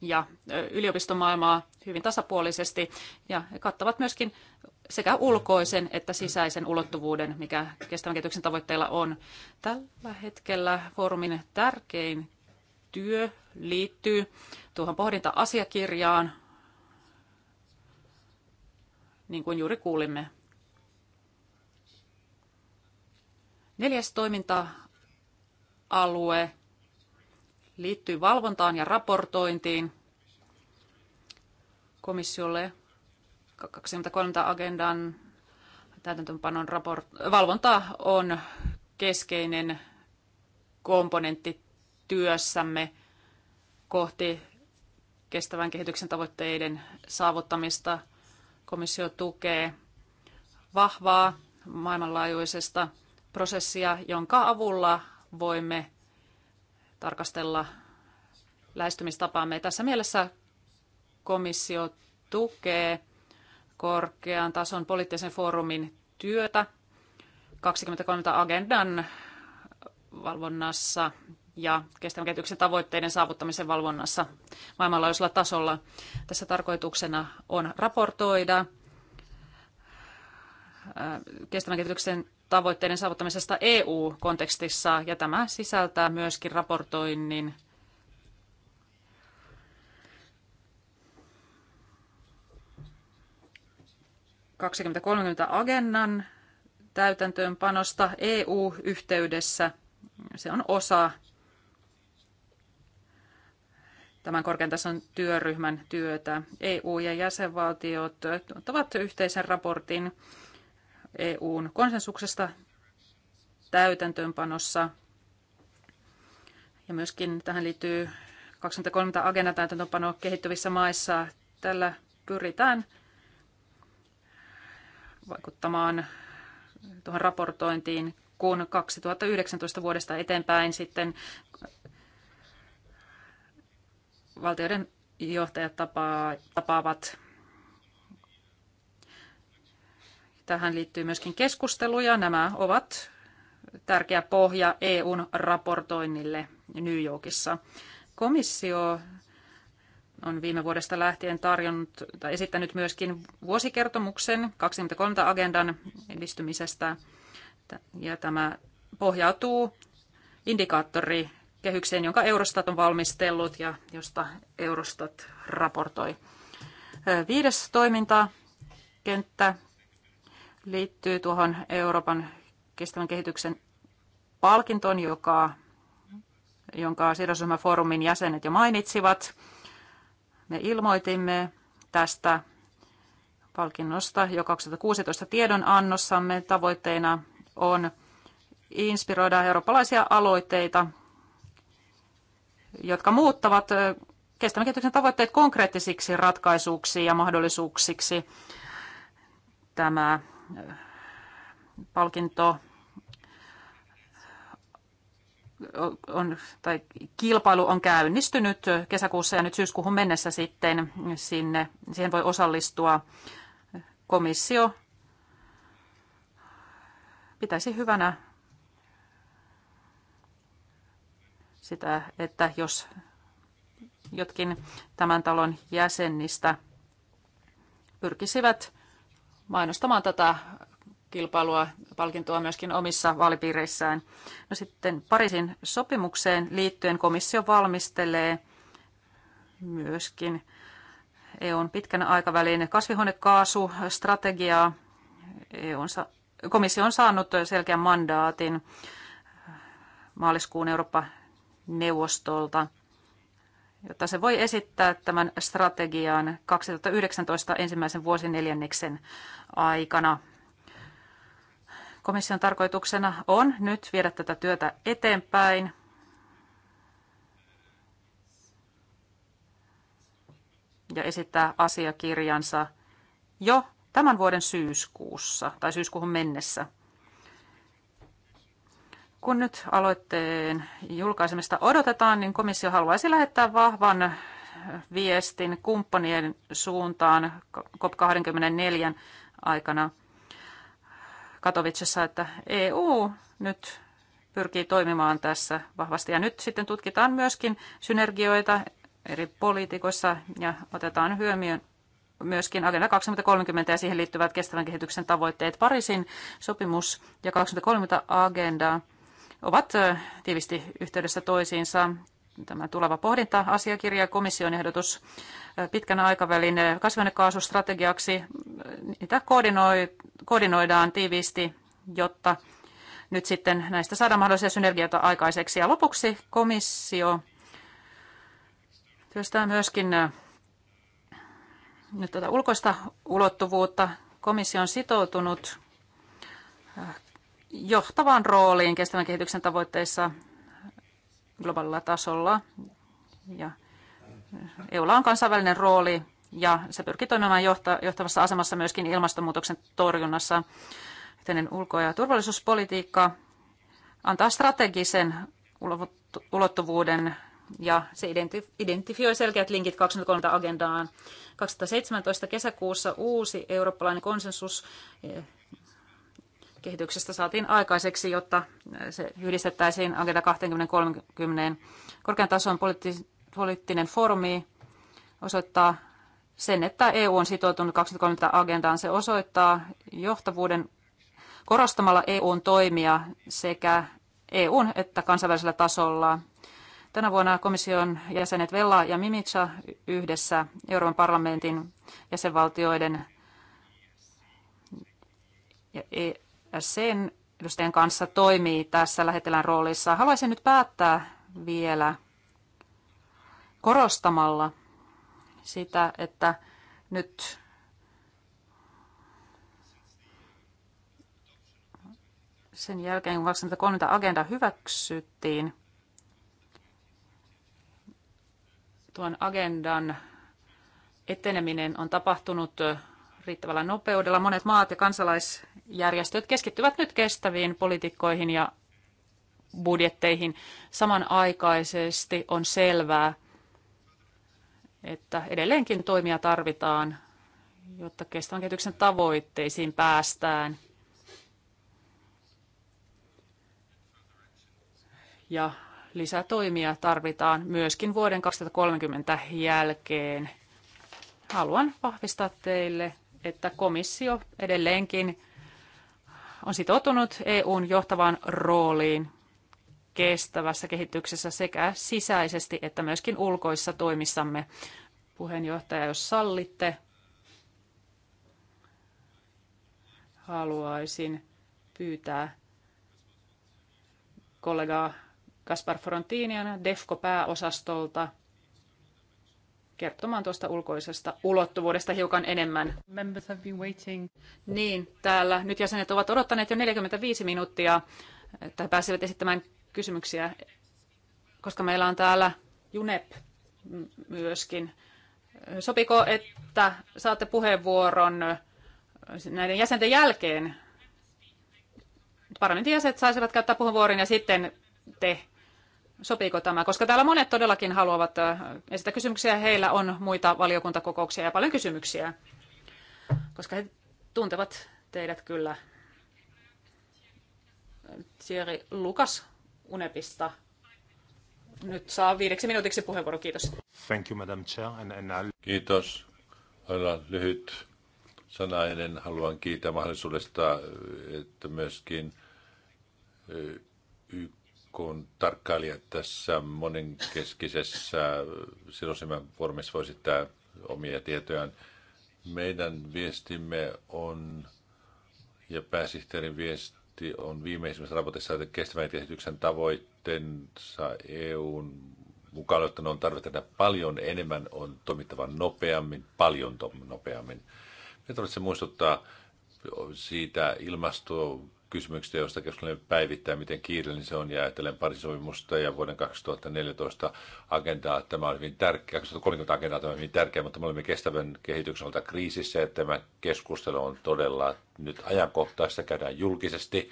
ja yliopistomaailmaa hyvin tasapuolisesti. Ja kattavat myöskin sekä ulkoisen että sisäisen ulottuvuuden, mikä kestävän kehityksen tavoitteilla on. Tällä hetkellä foorumin tärkein työ liittyy tuohon pohdinta-asiakirjaan, niin kuin juuri kuulimme. Neljäs toiminta-alue liittyy valvontaan ja raportointiin komissiolle 2030 agendan täytäntöönpanon raport- valvonta on keskeinen komponentti työssämme kohti kestävän kehityksen tavoitteiden saavuttamista. Komissio tukee vahvaa maailmanlaajuisesta prosessia, jonka avulla voimme tarkastella lähestymistapaamme. Tässä mielessä komissio tukee korkean tason poliittisen foorumin työtä 2030 agendan valvonnassa ja kestävän kehityksen tavoitteiden saavuttamisen valvonnassa maailmanlaajuisella tasolla. Tässä tarkoituksena on raportoida äh, kestävän kehityksen tavoitteiden saavuttamisesta EU-kontekstissa, ja tämä sisältää myöskin raportoinnin agendan täytäntöönpanosta EU-yhteydessä. Se on osa tämän korkean tason työryhmän työtä. EU ja jäsenvaltiot ovat yhteisen raportin EUn konsensuksesta täytäntöönpanossa. Ja myöskin tähän liittyy 2030 agenda täytäntöönpano kehittyvissä maissa. Tällä pyritään vaikuttamaan tuohon raportointiin, kun 2019 vuodesta eteenpäin sitten valtioiden johtajat tapaa, tapaavat. Tähän liittyy myöskin keskusteluja. Nämä ovat tärkeä pohja EUn raportoinnille New Yorkissa. Komissio on viime vuodesta lähtien tarjonnut tai esittänyt myöskin vuosikertomuksen 23 agendan edistymisestä. Ja tämä pohjautuu indikaattori kehykseen, jonka Eurostat on valmistellut ja josta Eurostat raportoi. Viides toimintakenttä liittyy tuohon Euroopan kestävän kehityksen palkintoon, joka, jonka sidosryhmäfoorumin jäsenet jo mainitsivat. Me ilmoitimme tästä palkinnosta jo 2016 tiedonannossamme. Tavoitteena on inspiroida eurooppalaisia aloitteita jotka muuttavat kestävän kehityksen tavoitteet konkreettisiksi ratkaisuiksi ja mahdollisuuksiksi. Tämä palkinto on, tai kilpailu on käynnistynyt kesäkuussa ja nyt syyskuuhun mennessä sitten sinne, siihen voi osallistua komissio. Pitäisi hyvänä sitä, että jos jotkin tämän talon jäsenistä pyrkisivät mainostamaan tätä kilpailua, palkintoa myöskin omissa vaalipiireissään. No sitten Pariisin sopimukseen liittyen komissio valmistelee myöskin EUn pitkän aikavälin kasvihuonekaasustrategiaa. EUn komissio on saanut selkeän mandaatin maaliskuun Eurooppa neuvostolta, jotta se voi esittää tämän strategian 2019 ensimmäisen vuosineljänneksen aikana. Komission tarkoituksena on nyt viedä tätä työtä eteenpäin. ja esittää asiakirjansa jo tämän vuoden syyskuussa tai syyskuuhun mennessä – kun nyt aloitteen julkaisemista odotetaan, niin komissio haluaisi lähettää vahvan viestin kumppanien suuntaan COP24 aikana Katowicessa, että EU nyt pyrkii toimimaan tässä vahvasti. Ja nyt sitten tutkitaan myöskin synergioita eri poliitikoissa ja otetaan huomioon myöskin Agenda 2030 ja siihen liittyvät kestävän kehityksen tavoitteet. Pariisin sopimus ja 2030 agenda ovat tiivisti yhteydessä toisiinsa. Tämä tuleva pohdinta-asiakirja ja komission ehdotus pitkän aikavälin kasvihuonekaasustrategiaksi, niitä koordinoidaan tiiviisti, jotta nyt sitten näistä saadaan mahdollisia synergioita aikaiseksi. Ja lopuksi komissio työstää myöskin nyt tätä ulkoista ulottuvuutta. Komissio on sitoutunut johtavaan rooliin kestävän kehityksen tavoitteissa globaalilla tasolla. Ja EUlla on kansainvälinen rooli ja se pyrkii toimimaan johtavassa asemassa myöskin ilmastonmuutoksen torjunnassa. Yhteinen ulko- ja turvallisuuspolitiikka antaa strategisen ulottuvuuden ja se identifioi selkeät linkit 2030 agendaan. 2017 kesäkuussa uusi eurooppalainen konsensus kehityksestä saatiin aikaiseksi, jotta se yhdistettäisiin Agenda 2030. Korkean tason poliitti, poliittinen foorumi osoittaa sen, että EU on sitoutunut 2030 agendaan. Se osoittaa johtavuuden korostamalla EUn toimia sekä EUn että kansainvälisellä tasolla. Tänä vuonna komission jäsenet Vella ja Mimitsa yhdessä Euroopan parlamentin jäsenvaltioiden ja e sen edustajan kanssa toimii tässä lähetelän roolissa. Haluaisin nyt päättää vielä korostamalla sitä, että nyt sen jälkeen, kun 23. agenda hyväksyttiin, tuon agendan eteneminen on tapahtunut riittävällä nopeudella. Monet maat ja kansalaisjärjestöt keskittyvät nyt kestäviin poliitikkoihin ja budjetteihin. Samanaikaisesti on selvää, että edelleenkin toimia tarvitaan, jotta kestävän kehityksen tavoitteisiin päästään. Ja lisätoimia tarvitaan myöskin vuoden 2030 jälkeen. Haluan vahvistaa teille, että komissio edelleenkin on sitoutunut EUn johtavaan rooliin kestävässä kehityksessä sekä sisäisesti että myöskin ulkoissa toimissamme. Puheenjohtaja, jos sallitte, haluaisin pyytää kollegaa Kaspar Frontinian DEFCO-pääosastolta – kertomaan tuosta ulkoisesta ulottuvuudesta hiukan enemmän. Niin, täällä nyt jäsenet ovat odottaneet jo 45 minuuttia, että he pääsevät esittämään kysymyksiä, koska meillä on täällä Junep myöskin. Sopiko, että saatte puheenvuoron näiden jäsenten jälkeen? Parlamentin jäsenet saisivat käyttää puheenvuoron ja sitten te Sopiiko tämä? Koska täällä monet todellakin haluavat äh, esittää kysymyksiä. Heillä on muita valiokuntakokouksia ja paljon kysymyksiä, koska he tuntevat teidät kyllä. Sieri Lukas Unepista. Nyt saa viideksi minuutiksi puheenvuoro. Kiitos. Thank you, Madam Chair. And, and Kiitos. Aina lyhyt sanainen. Haluan kiittää mahdollisuudesta, että myöskin kun tarkkailijat tässä monenkeskisessä sidosryhmän foorumissa voi esittää omia tietojaan. Meidän viestimme on, ja pääsihteerin viesti on viimeisimmässä raportissa, että kestävän kehityksen tavoitteensa EUn mukaan ottanut on tarve tehdä paljon enemmän, on toimittava nopeammin, paljon nopeammin. Me tarvitsemme muistuttaa siitä ilmasto kysymyksistä, joista keskustelemme päivittäin, miten kiireellinen se on, ja ajatellen parisovimusta ja vuoden 2014 agendaa. Tämä on hyvin tärkeä, 2030 agendaa tämä on hyvin tärkeä, mutta me olemme kestävän kehityksen alta kriisissä, ja tämä keskustelu on todella nyt ajankohtaista, käydään julkisesti,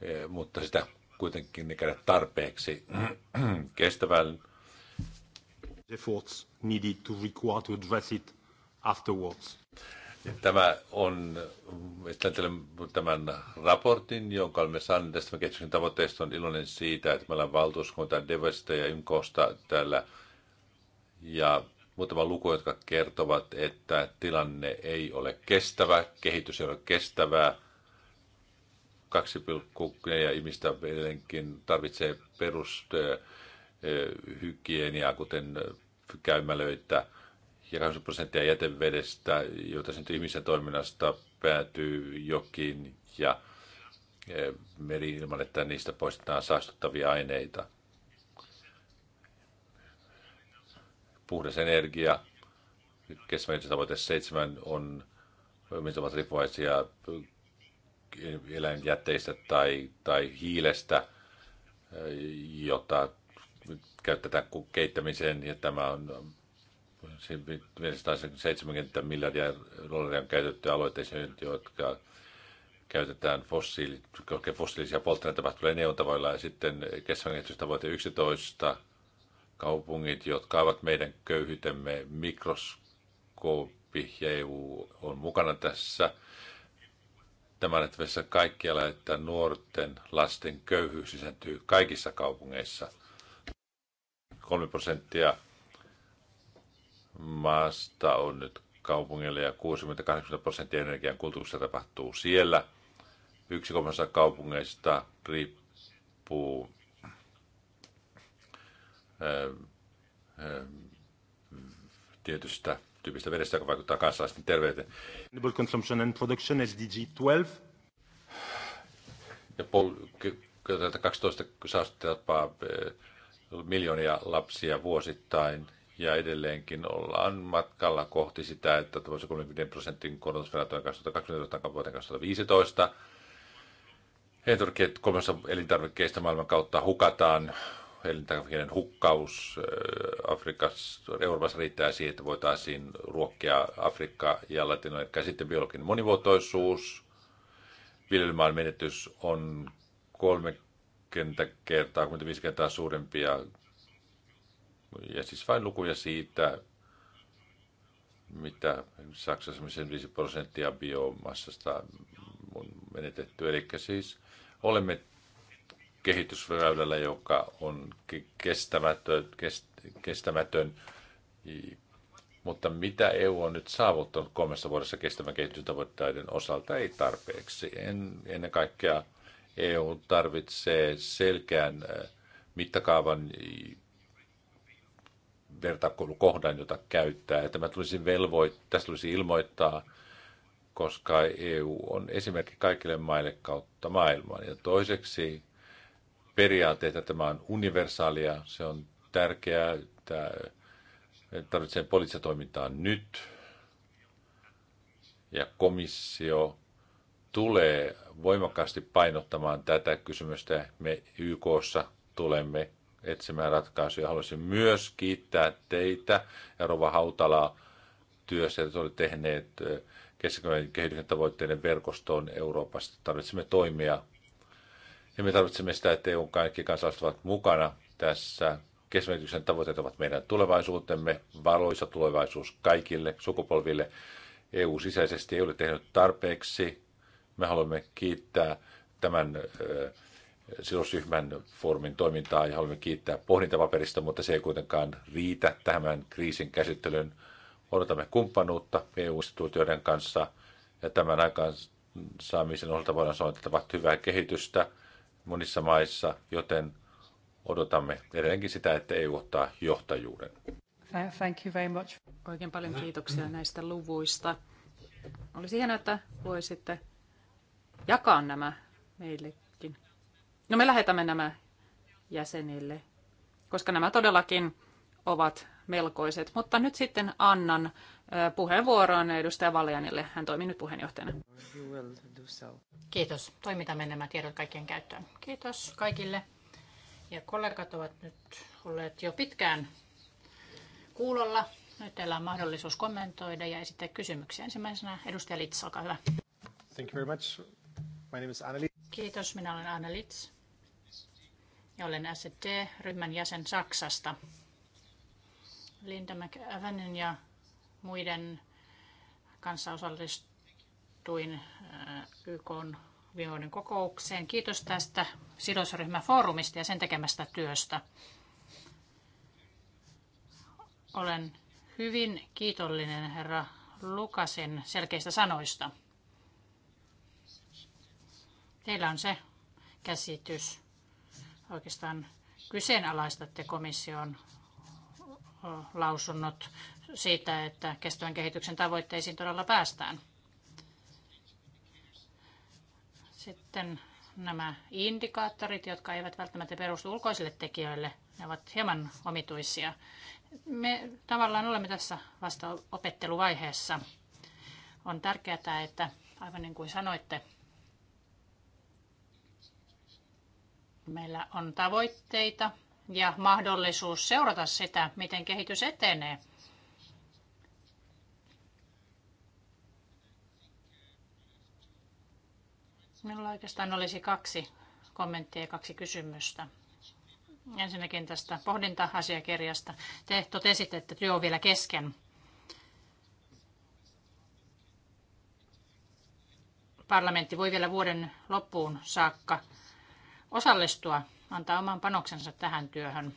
eh, mutta sitä kuitenkin ne käydä tarpeeksi kestävän efforts needed to require to address it afterwards. Tämä on tämän raportin, jonka olemme saaneet tästä keskustelun tavoitteesta. on iloinen siitä, että meillä on valtuuskunta Devesta ja Ymkosta täällä. Ja muutama luku, jotka kertovat, että tilanne ei ole kestävä, kehitys ei ole kestävää. 2,4 ihmistä edelleenkin tarvitsee perushygieniaa, eh, kuten käymälöitä – ja 80 prosenttia jätevedestä, jota sen ihmisen toiminnasta päätyy jokin ja e, meri ilman, että niistä poistetaan saastuttavia aineita. Puhdas energia, kestävän tavoite 7 on, mitä ovat riippuvaisia eläinjätteistä tai, tai hiilestä, e, jota käytetään keittämiseen, ja tämä on 570 miljardia dollaria on käytetty aloitteisiin, jotka käytetään fossiili, fossiilisia polttoaineita tapahtuneilla neuvontavoilla. Ja sitten kestävän kehitystavoite 11, kaupungit, jotka ovat meidän köyhyytemme mikroskooppi ja EU on mukana tässä. Tämän näyttävässä kaikkialla, että nuorten lasten köyhyys lisääntyy kaikissa kaupungeissa. 3 prosenttia maasta on nyt kaupungille ja 60-80 prosenttia energian kulutuksesta tapahtuu siellä. Yksi kolmasosa kaupungeista riippuu ö, eh, ö, eh, tietystä tyypistä vedestä, joka vaikuttaa kansalaisten terveyteen. Consumption and Production SDG 12. Ja pol, 12 saastuttaa eh, miljoonia lapsia vuosittain – ja edelleenkin ollaan matkalla kohti sitä, että tuossa 30 prosentin korotus verrattuna 2020 vuoteen 2015. Elintarvikkeet kolmessa elintarvikkeista maailman kautta hukataan. Elintarvikkeiden hukkaus äh, Afrikassa, Euroopassa riittää siihen, että voitaisiin ruokkia Afrikka ja eli Sitten biologinen monivuotoisuus. Viljelmään menetys on 30 kertaa, 35 kertaa suurempia ja siis vain lukuja siitä, mitä Saksassa 5 prosenttia biomassasta on menetetty. Eli siis olemme kehitysväylällä, joka on kestämätön, kestämätön. Mutta mitä EU on nyt saavuttanut kolmessa vuodessa kestävän kehitystavoitteiden osalta, ei tarpeeksi. En, ennen kaikkea EU tarvitsee selkeän äh, mittakaavan vertakoulukohdan, jota käyttää. Ja tämä tulisi velvoit, tästä tulisi ilmoittaa, koska EU on esimerkki kaikille maille kautta maailman. Ja toiseksi että tämä on universaalia, se on tärkeää, että tarvitsee poliittista toimintaa nyt. Ja komissio tulee voimakkaasti painottamaan tätä kysymystä. Me YKssa tulemme etsimään ratkaisuja. Haluaisin myös kiittää teitä ja Rova Hautalaa työssä, että olette tehneet keskikymmenen kehityksen tavoitteiden verkostoon Euroopassa. Tarvitsemme toimia ja me tarvitsemme sitä, että EUn kaikki kansalaiset ovat mukana tässä. Keskikymmenen tavoitteet ovat meidän tulevaisuutemme, valoisa tulevaisuus kaikille sukupolville. EU sisäisesti ei ole tehnyt tarpeeksi. Me haluamme kiittää tämän äh, sidosryhmän foorumin toimintaa ja haluamme kiittää pohdintapaperista, mutta se ei kuitenkaan riitä tämän kriisin käsittelyyn. Odotamme kumppanuutta EU-instituutioiden kanssa ja tämän aikaan saamisen osalta voidaan sanoa, että tapahtuu hyvää kehitystä monissa maissa, joten odotamme edelleenkin sitä, että EU ottaa johtajuuden. Thank you very much. Oikein paljon kiitoksia näistä luvuista. Olisi hienoa, että voisitte jakaa nämä meille No me lähetämme nämä jäsenille, koska nämä todellakin ovat melkoiset. Mutta nyt sitten annan puheenvuoron edustaja Valjanille. Hän toimii nyt puheenjohtajana. Kiitos. Toimitamme nämä tiedot kaikkien käyttöön. Kiitos kaikille. Ja kollegat ovat nyt olleet jo pitkään kuulolla. Nyt teillä on mahdollisuus kommentoida ja esittää kysymyksiä. Ensimmäisenä edustaja Litz, olkaa hyvä. Thank you very much. My name is Anneli. Kiitos, minä olen Anna Litz ja olen sd ryhmän jäsen Saksasta. Linda McAvenin ja muiden kanssa osallistuin äh, YK viime vuoden kokoukseen. Kiitos tästä sidosryhmäfoorumista ja sen tekemästä työstä. Olen hyvin kiitollinen herra Lukasen selkeistä sanoista. Teillä on se käsitys, Oikeastaan kyseenalaistatte komission lausunnot siitä, että kestävän kehityksen tavoitteisiin todella päästään. Sitten nämä indikaattorit, jotka eivät välttämättä perustu ulkoisille tekijöille, ne ovat hieman omituisia. Me tavallaan olemme tässä vasta opetteluvaiheessa. On tärkeää, että aivan niin kuin sanoitte, Meillä on tavoitteita ja mahdollisuus seurata sitä, miten kehitys etenee. Minulla oikeastaan olisi kaksi kommenttia ja kaksi kysymystä. Ensinnäkin tästä pohdinta-asiakirjasta. Te totesitte, että työ on vielä kesken. Parlamentti voi vielä vuoden loppuun saakka osallistua, antaa oman panoksensa tähän työhön.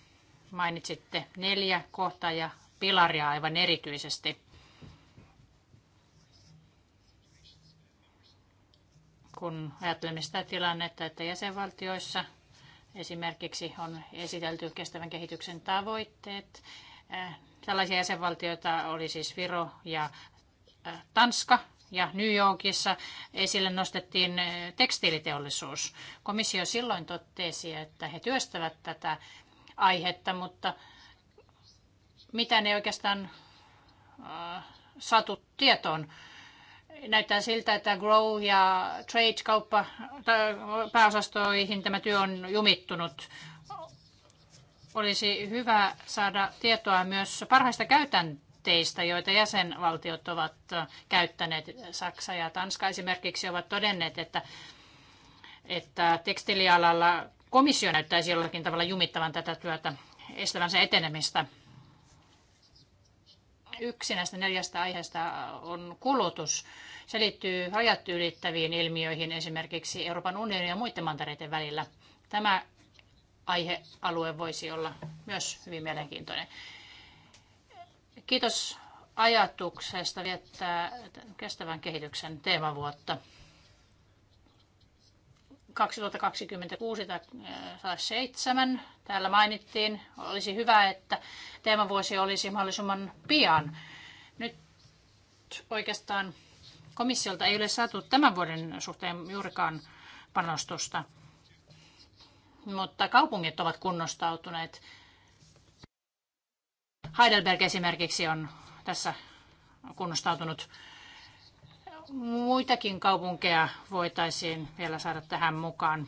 Mainitsitte neljä kohtaa ja pilaria aivan erityisesti. Kun ajattelemme sitä tilannetta, että jäsenvaltioissa esimerkiksi on esitelty kestävän kehityksen tavoitteet, äh, Tällaisia jäsenvaltioita oli siis Viro ja äh, Tanska, ja New Yorkissa esille nostettiin eh, tekstiiliteollisuus. Komissio silloin totesi, että he työstävät tätä aihetta, mutta mitä ne oikeastaan äh, saatu tietoon? Näyttää siltä, että Grow ja Trade kauppa pääosastoihin tämä työ on jumittunut. Olisi hyvä saada tietoa myös parhaista käytäntöistä aloitteista, joita jäsenvaltiot ovat äh, käyttäneet. Saksa ja Tanska esimerkiksi ovat todenneet, että, että tekstilialalla komissio näyttäisi jollakin tavalla jumittavan tätä työtä, estävän etenemistä. Yksi näistä neljästä aiheesta on kulutus. Se liittyy rajat ylittäviin ilmiöihin esimerkiksi Euroopan unionin ja muiden mantareiden välillä. Tämä aihealue voisi olla myös hyvin mielenkiintoinen. Kiitos ajatuksesta viettää kestävän kehityksen teemavuotta. 2026 tai 7 äh, täällä mainittiin. Olisi hyvä, että teemavuosi olisi mahdollisimman pian. Nyt oikeastaan komissiolta ei ole saatu tämän vuoden suhteen juurikaan panostusta, mutta kaupungit ovat kunnostautuneet Heidelberg esimerkiksi on tässä kunnostautunut. Muitakin kaupunkeja voitaisiin vielä saada tähän mukaan.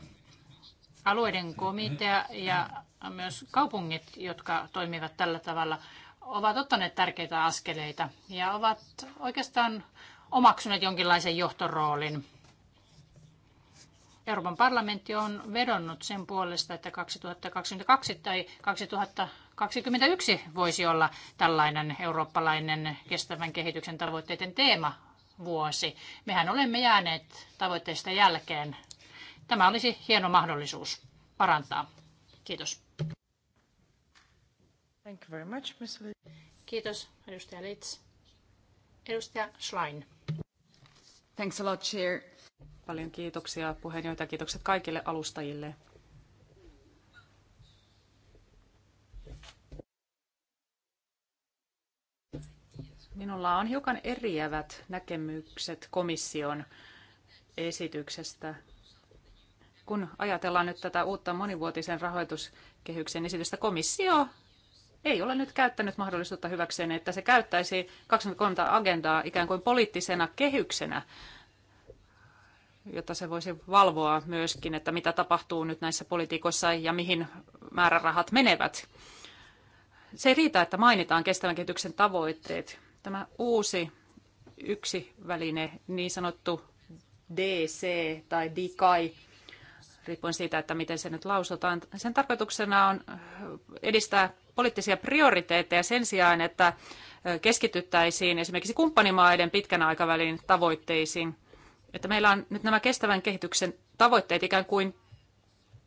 Alueiden komitea ja myös kaupungit, jotka toimivat tällä tavalla, ovat ottaneet tärkeitä askeleita ja ovat oikeastaan omaksuneet jonkinlaisen johtoroolin. Euroopan parlamentti on vedonnut sen puolesta, että 2022 tai 2000 2021 voisi olla tällainen eurooppalainen kestävän kehityksen tavoitteiden teema vuosi. Mehän olemme jääneet tavoitteista jälkeen. Tämä olisi hieno mahdollisuus parantaa. Kiitos. Thank you very much, Ms. Kiitos, edustaja Litz. Edustaja Schlein. Thanks a lot, Chair. Paljon kiitoksia puheenjohtaja. Kiitokset kaikille alustajille. Minulla on hiukan eriävät näkemykset komission esityksestä. Kun ajatellaan nyt tätä uutta monivuotisen rahoituskehyksen esitystä, komissio ei ole nyt käyttänyt mahdollisuutta hyväkseen, että se käyttäisi 23 agendaa ikään kuin poliittisena kehyksenä, jotta se voisi valvoa myöskin, että mitä tapahtuu nyt näissä politiikoissa ja mihin määrärahat menevät. Se ei riitä, että mainitaan kestävän kehityksen tavoitteet Tämä uusi yksi väline, niin sanottu DC tai DKI, riippuen siitä, että miten se nyt lausutaan. Sen tarkoituksena on edistää poliittisia prioriteetteja sen sijaan, että keskityttäisiin esimerkiksi kumppanimaiden pitkän aikavälin tavoitteisiin. Että meillä on nyt nämä kestävän kehityksen tavoitteet ikään kuin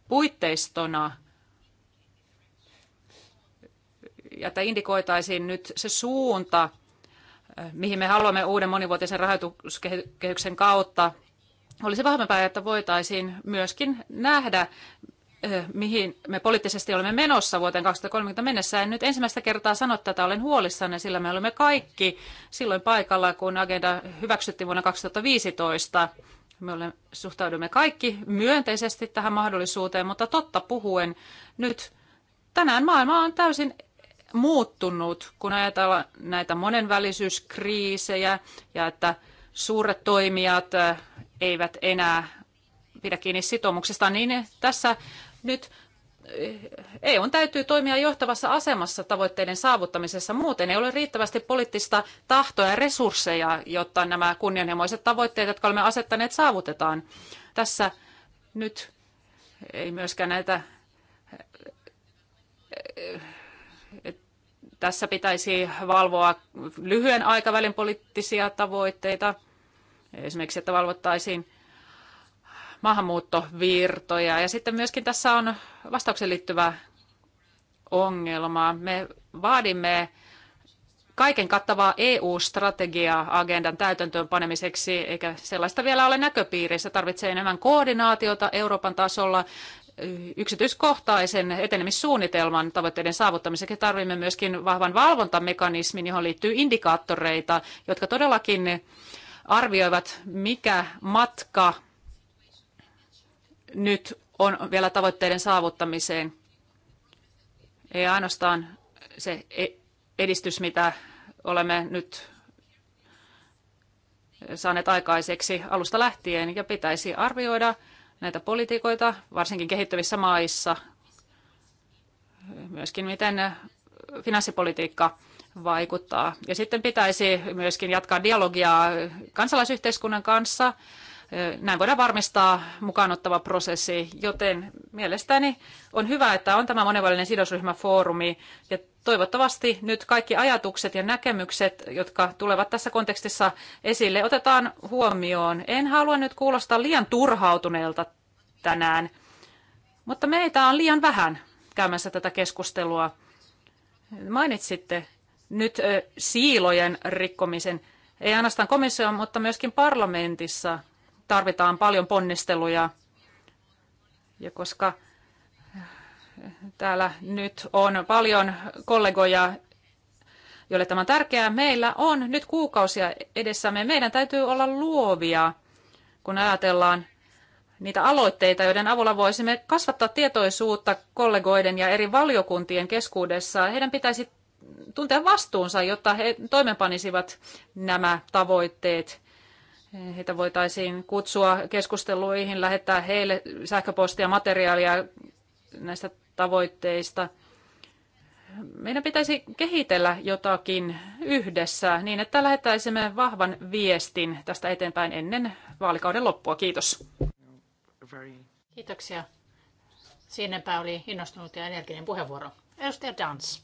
puitteistona, ja että indikoitaisiin nyt se suunta, Äh, mihin me haluamme uuden monivuotisen rahoituskehyksen kautta, olisi vahvempaa, että voitaisiin myöskin nähdä, äh, mihin me poliittisesti olemme menossa vuoteen 2030 mennessä. En nyt ensimmäistä kertaa sano tätä, olen huolissani, sillä me olemme kaikki silloin paikalla, kun agenda hyväksyttiin vuonna 2015. Me olemme, suhtaudumme kaikki myönteisesti tähän mahdollisuuteen, mutta totta puhuen nyt tänään maailma on täysin muuttunut, kun ajatellaan näitä monenvälisyyskriisejä ja että suuret toimijat äh, eivät enää pidä kiinni sitoumuksesta, niin tässä nyt äh, EUn täytyy toimia johtavassa asemassa tavoitteiden saavuttamisessa. Muuten ei ole riittävästi poliittista tahtoa ja resursseja, jotta nämä kunnianhimoiset tavoitteet, jotka olemme asettaneet, saavutetaan. Tässä nyt ei myöskään näitä äh, tässä pitäisi valvoa lyhyen aikavälin poliittisia tavoitteita, esimerkiksi että valvottaisiin maahanmuuttovirtoja. Ja sitten myöskin tässä on vastaukseen liittyvä ongelma. Me vaadimme kaiken kattavaa EU-strategiaa agendan täytäntöön panemiseksi, eikä sellaista vielä ole näköpiirissä. Tarvitsee enemmän koordinaatiota Euroopan tasolla yksityiskohtaisen etenemissuunnitelman tavoitteiden saavuttamiseksi tarvitsemme myöskin vahvan valvontamekanismin, johon liittyy indikaattoreita, jotka todellakin arvioivat, mikä matka nyt on vielä tavoitteiden saavuttamiseen. Ei ainoastaan se e- edistys, mitä olemme nyt saaneet aikaiseksi alusta lähtien, ja pitäisi arvioida, näitä politiikoita, varsinkin kehittyvissä maissa, myöskin miten finanssipolitiikka vaikuttaa. Ja sitten pitäisi myöskin jatkaa dialogia kansalaisyhteiskunnan kanssa. Näin voidaan varmistaa mukaanottava prosessi, joten mielestäni on hyvä, että on tämä monenvälinen sidosryhmäfoorumi ja toivottavasti nyt kaikki ajatukset ja näkemykset, jotka tulevat tässä kontekstissa esille, otetaan huomioon. En halua nyt kuulostaa liian turhautuneelta tänään, mutta meitä on liian vähän käymässä tätä keskustelua. Mainitsitte nyt siilojen rikkomisen. Ei ainoastaan komissio, mutta myöskin parlamentissa tarvitaan paljon ponnisteluja. Ja koska täällä nyt on paljon kollegoja, joille tämä on tärkeää. Meillä on nyt kuukausia edessämme. Meidän täytyy olla luovia, kun ajatellaan niitä aloitteita, joiden avulla voisimme kasvattaa tietoisuutta kollegoiden ja eri valiokuntien keskuudessa. Heidän pitäisi tuntea vastuunsa, jotta he toimenpanisivat nämä tavoitteet. Heitä voitaisiin kutsua keskusteluihin, lähettää heille sähköpostia, materiaalia näistä tavoitteista. Meidän pitäisi kehitellä jotakin yhdessä niin, että lähettäisimme vahvan viestin tästä eteenpäin ennen vaalikauden loppua. Kiitos. Kiitoksia. Siinäpä oli innostunut ja energinen puheenvuoro. Edustaja Dans.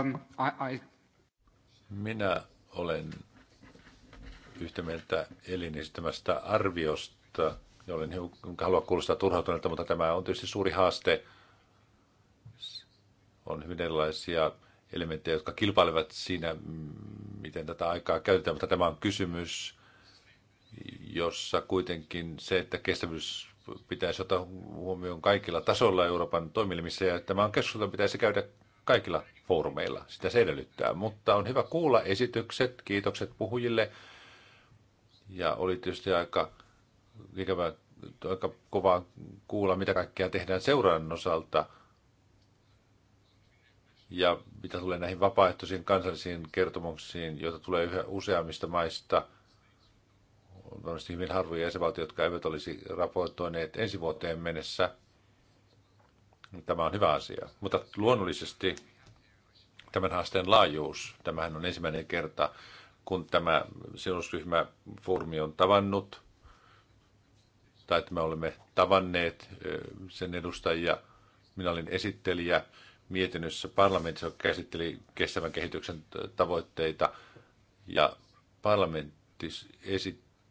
Um, Minä olen yhtä mieltä elinistämästä arviosta ja olen halua kuulostaa turhautuneelta, mutta tämä on tietysti suuri haaste. On hyvin erilaisia elementtejä, jotka kilpailevat siinä, miten tätä aikaa käytetään, mutta tämä on kysymys, jossa kuitenkin se, että kestävyys pitäisi ottaa huomioon kaikilla tasoilla Euroopan toimielimissä, ja tämä on keskustelu pitäisi käydä kaikilla foorumeilla. Sitä se edellyttää. Mutta on hyvä kuulla esitykset. Kiitokset puhujille. Ja oli tietysti aika ikävä, aika kova kuulla, mitä kaikkea tehdään seurannan osalta. Ja mitä tulee näihin vapaaehtoisiin kansallisiin kertomuksiin, joita tulee yhä useammista maista, on varmasti hyvin harvoja jäsenvaltioita, jotka eivät olisi raportoineet ensi vuoteen mennessä. Tämä on hyvä asia. Mutta luonnollisesti tämän haasteen laajuus, tämähän on ensimmäinen kerta, kun tämä sidosryhmäfoorumi on tavannut – osoittaa, että me olemme tavanneet sen edustajia. Minä olin esittelijä mietinnössä parlamentissa, joka käsitteli kestävän kehityksen tavoitteita, ja parlamentti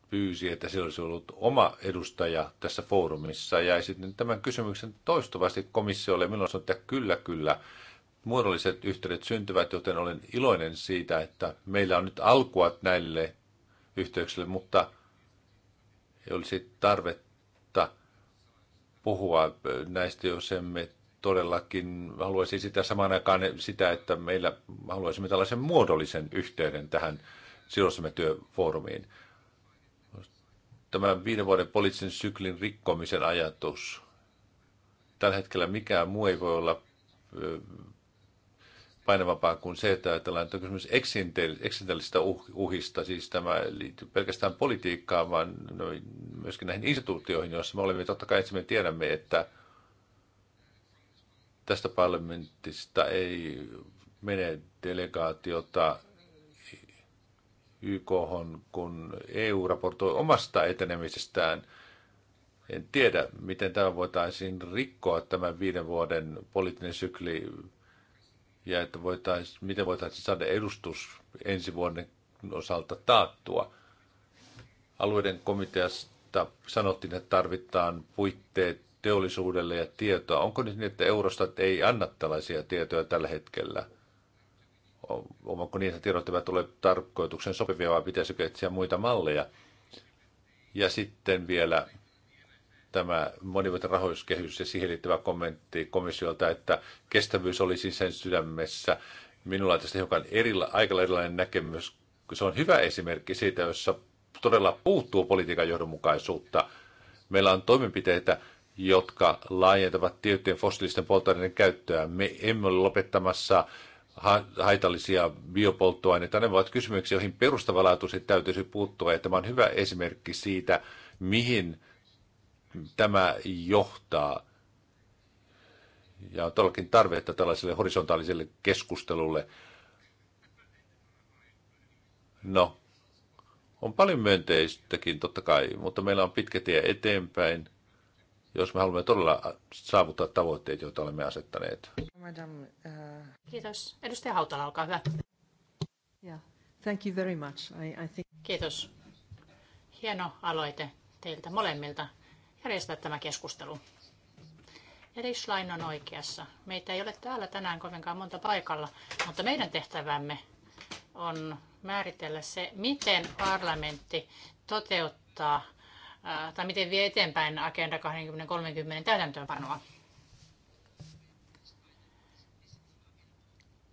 pyysi, että se olisi ollut oma edustaja tässä foorumissa ja esitin tämän kysymyksen toistuvasti komissiolle. Minulla sanoin, että kyllä, kyllä, muodolliset yhteydet syntyvät, joten olen iloinen siitä, että meillä on nyt alkuat näille yhteyksille, mutta ei olisi tarvetta puhua näistä, jos emme todellakin haluaisi sitä samaan aikaan sitä, että meillä haluaisimme tällaisen muodollisen yhteyden tähän sidosamme työfoorumiin. Tämä viiden vuoden poliittisen syklin rikkomisen ajatus. Tällä hetkellä mikään muu ei voi olla painavampaa kuin se, että ajatellaan, että on kysymys eksentellistä uh-, uhista, siis tämä liittyy pelkästään politiikkaan, vaan myöskin näihin instituutioihin, joissa me olemme. Totta kai me tiedämme, että tästä parlamentista ei mene delegaatiota YK, kun EU raportoi omasta etenemisestään. En tiedä, miten tämä voitaisiin rikkoa tämän viiden vuoden poliittinen sykli ja että voitais, miten voitaisiin saada edustus ensi vuoden osalta taattua. Alueiden komiteasta sanottiin, että tarvitaan puitteet teollisuudelle ja tietoa. Onko niin, että Eurostat ei anna tällaisia tietoja tällä hetkellä? Onko niin, että tiedot eivät ole tarkoituksen sopivia vai pitäisikö etsiä muita malleja? Ja sitten vielä tämä monivuotinen rahoituskehys ja siihen liittyvä kommentti komissiolta, että kestävyys olisi siis sen sydämessä. Minulla on tästä hiukan erila, aika erilainen näkemys. Se on hyvä esimerkki siitä, jossa todella puuttuu politiikan johdonmukaisuutta. Meillä on toimenpiteitä, jotka laajentavat tiettyjen fossiilisten polttoaineiden käyttöä. Me emme ole lopettamassa haitallisia biopolttoaineita. ne ovat kysymyksiä, joihin perustavanlaatuisesti täytyisi puuttua. Ja tämä on hyvä esimerkki siitä, mihin tämä johtaa. Ja on todellakin että tällaiselle horisontaaliselle keskustelulle. No, on paljon myönteistäkin totta kai, mutta meillä on pitkä tie eteenpäin, jos me haluamme todella saavuttaa tavoitteet, joita olemme asettaneet. Uh, Kiitos. Edustaja Hautala, olkaa hyvä. Yeah. Thank you very much. I, I think... Kiitos. Hieno aloite teiltä molemmilta järjestää tämä keskustelu. Eli Schlein on oikeassa. Meitä ei ole täällä tänään kovinkaan monta paikalla, mutta meidän tehtävämme on määritellä se, miten parlamentti toteuttaa tai miten vie eteenpäin Agenda 2030 täytäntöönpanoa.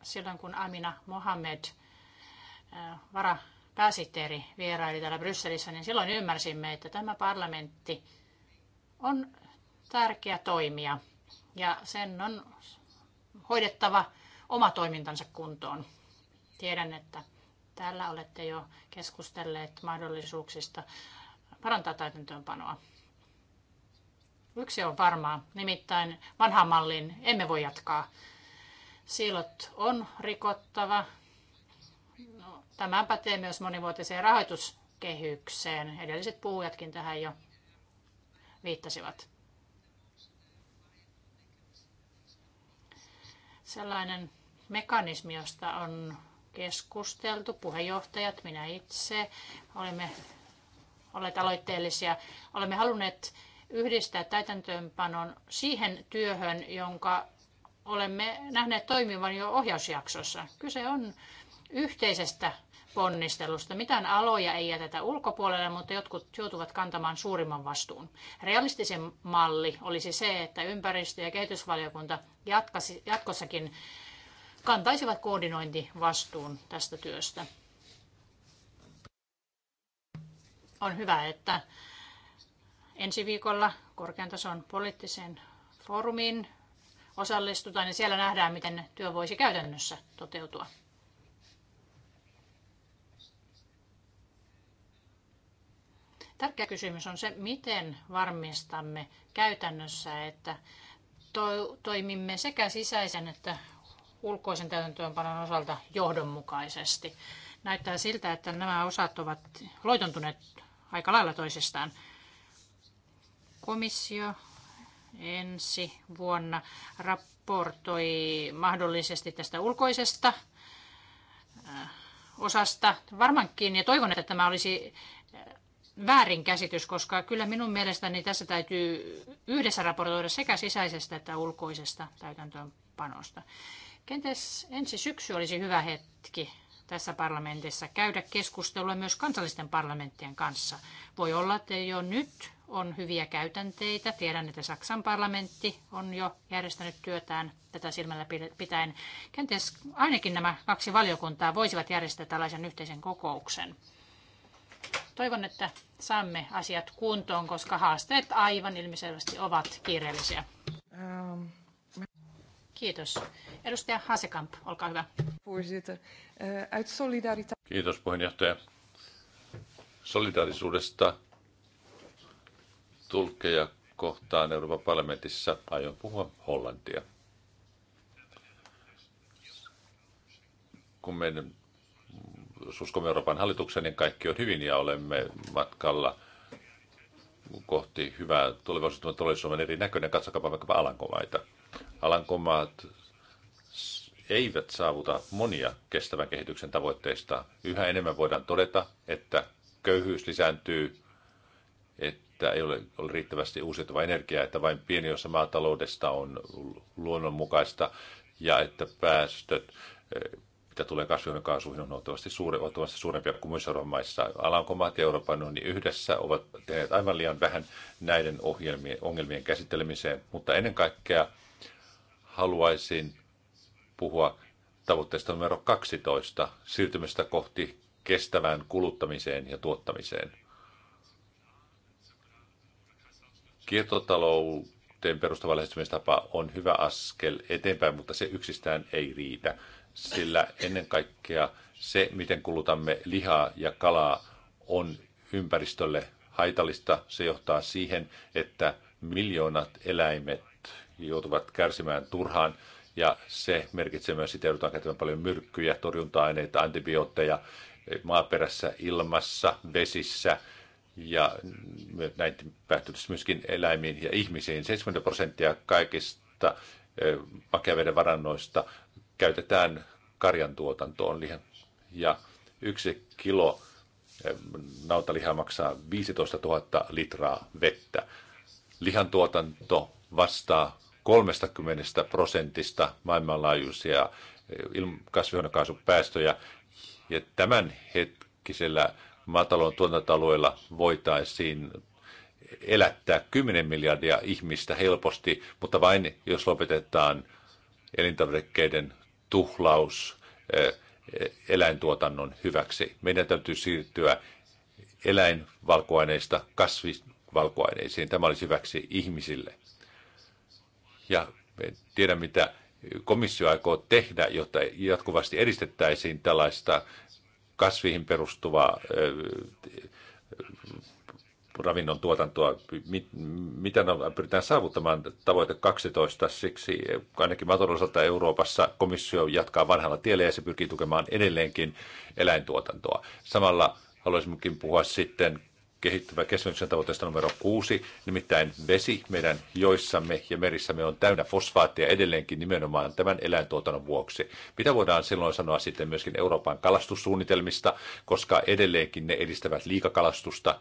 Silloin kun Amina Mohamed, varapääsihteeri, vieraili täällä Brysselissä, niin silloin ymmärsimme, että tämä parlamentti on tärkeä toimija ja sen on hoidettava oma toimintansa kuntoon. Tiedän, että täällä olette jo keskustelleet mahdollisuuksista parantaa täytäntöönpanoa. Yksi on varmaa, nimittäin vanhaan malliin emme voi jatkaa. Siilot on rikottava. No, tämä pätee myös monivuotiseen rahoituskehykseen. Edelliset puhujatkin tähän jo viittasivat. Sellainen mekanismi, josta on keskusteltu, puheenjohtajat, minä itse, olemme olleet aloitteellisia, olemme halunneet yhdistää täytäntöönpanon siihen työhön, jonka olemme nähneet toimivan jo ohjausjaksossa. Kyse on yhteisestä ponnistelusta. Mitään aloja ei jätetä ulkopuolelle, mutta jotkut joutuvat kantamaan suurimman vastuun. Realistisen malli olisi se, että ympäristö- ja kehitysvaliokunta jatkasi, jatkossakin kantaisivat koordinointivastuun tästä työstä. On hyvä, että ensi viikolla korkean tason poliittisen foorumiin osallistutaan ja siellä nähdään, miten työ voisi käytännössä toteutua. Tärkeä kysymys on se, miten varmistamme käytännössä, että to- toimimme sekä sisäisen että ulkoisen täytäntöönpanon osalta johdonmukaisesti. Näyttää siltä, että nämä osat ovat loitontuneet aika lailla toisistaan. Komissio ensi vuonna raportoi mahdollisesti tästä ulkoisesta osasta. Varmankin, ja toivon, että tämä olisi väärinkäsitys, koska kyllä minun mielestäni tässä täytyy yhdessä raportoida sekä sisäisestä että ulkoisesta täytäntöönpanosta. Kenties ensi syksy olisi hyvä hetki tässä parlamentissa käydä keskustelua myös kansallisten parlamenttien kanssa. Voi olla, että jo nyt on hyviä käytänteitä. Tiedän, että Saksan parlamentti on jo järjestänyt työtään tätä silmällä pitäen. Kenties ainakin nämä kaksi valiokuntaa voisivat järjestää tällaisen yhteisen kokouksen. Toivon, että saamme asiat kuntoon, koska haasteet aivan ilmiselvästi ovat kiireellisiä. Ähm. Kiitos. Edustaja Hasekamp, olkaa hyvä. Eh, Kiitos puheenjohtaja. Solidaarisuudesta tulkkeja kohtaan Euroopan parlamentissa aion puhua hollantia. Kun meidän uskomme Euroopan hallituksen, niin kaikki on hyvin ja olemme matkalla kohti hyvää tulevaisuutta, mutta todellisuus eri erinäköinen. Katsokaa vaikkapa Alankomaita. Alankomaat eivät saavuta monia kestävän kehityksen tavoitteista. Yhä enemmän voidaan todeta, että köyhyys lisääntyy, että ei ole, ole riittävästi uusiutuvaa energiaa, että vain pieni osa maataloudesta on luonnonmukaista ja että päästöt mitä tulee kasvihuonekaasuihin, on huomattavasti suure, suurempia kuin muissa Euroopan maissa. Alankomaat ja Euroopan unioni niin yhdessä ovat tehneet aivan liian vähän näiden ohjelmien, ongelmien käsittelemiseen, mutta ennen kaikkea haluaisin puhua tavoitteesta numero 12, siirtymistä kohti kestävään kuluttamiseen ja tuottamiseen. Kiertotalouteen perustava lähestymistapa on hyvä askel eteenpäin, mutta se yksistään ei riitä sillä ennen kaikkea se, miten kulutamme lihaa ja kalaa, on ympäristölle haitallista. Se johtaa siihen, että miljoonat eläimet joutuvat kärsimään turhaan ja se merkitsee myös, että joudutaan käyttämään paljon myrkkyjä, torjunta-aineita, antibiootteja maaperässä, ilmassa, vesissä ja näin päättyisi myöskin eläimiin ja ihmisiin. 70 prosenttia kaikista eh, makeaveden varannoista käytetään karjan tuotantoon. Ja yksi kilo eh, nautalihaa maksaa 15 000 litraa vettä. Lihan tuotanto vastaa 30 prosentista maailmanlaajuisia eh, kasvihuonekaasupäästöjä. Ja tämän hetkisellä maatalon tuotantoalueella voitaisiin elättää 10 miljardia ihmistä helposti, mutta vain jos lopetetaan elintarvikkeiden tuhlaus eläintuotannon hyväksi. Meidän täytyy siirtyä eläinvalkuaineista kasvivalkuaineisiin. Tämä olisi hyväksi ihmisille. Ja me mitä komissio aikoo tehdä, jotta jatkuvasti edistettäisiin tällaista kasviin perustuvaa ravinnon tuotantoa, miten pyritään saavuttamaan tavoite 12, siksi ainakin maatalouden osalta Euroopassa komissio jatkaa vanhalla tiellä ja se pyrkii tukemaan edelleenkin eläintuotantoa. Samalla haluaisinkin puhua sitten kehittyvä kestävyyden tavoitteesta numero kuusi, nimittäin vesi meidän joissamme ja merissämme on täynnä fosfaattia edelleenkin nimenomaan tämän eläintuotannon vuoksi. Mitä voidaan silloin sanoa sitten myöskin Euroopan kalastussuunnitelmista, koska edelleenkin ne edistävät liikakalastusta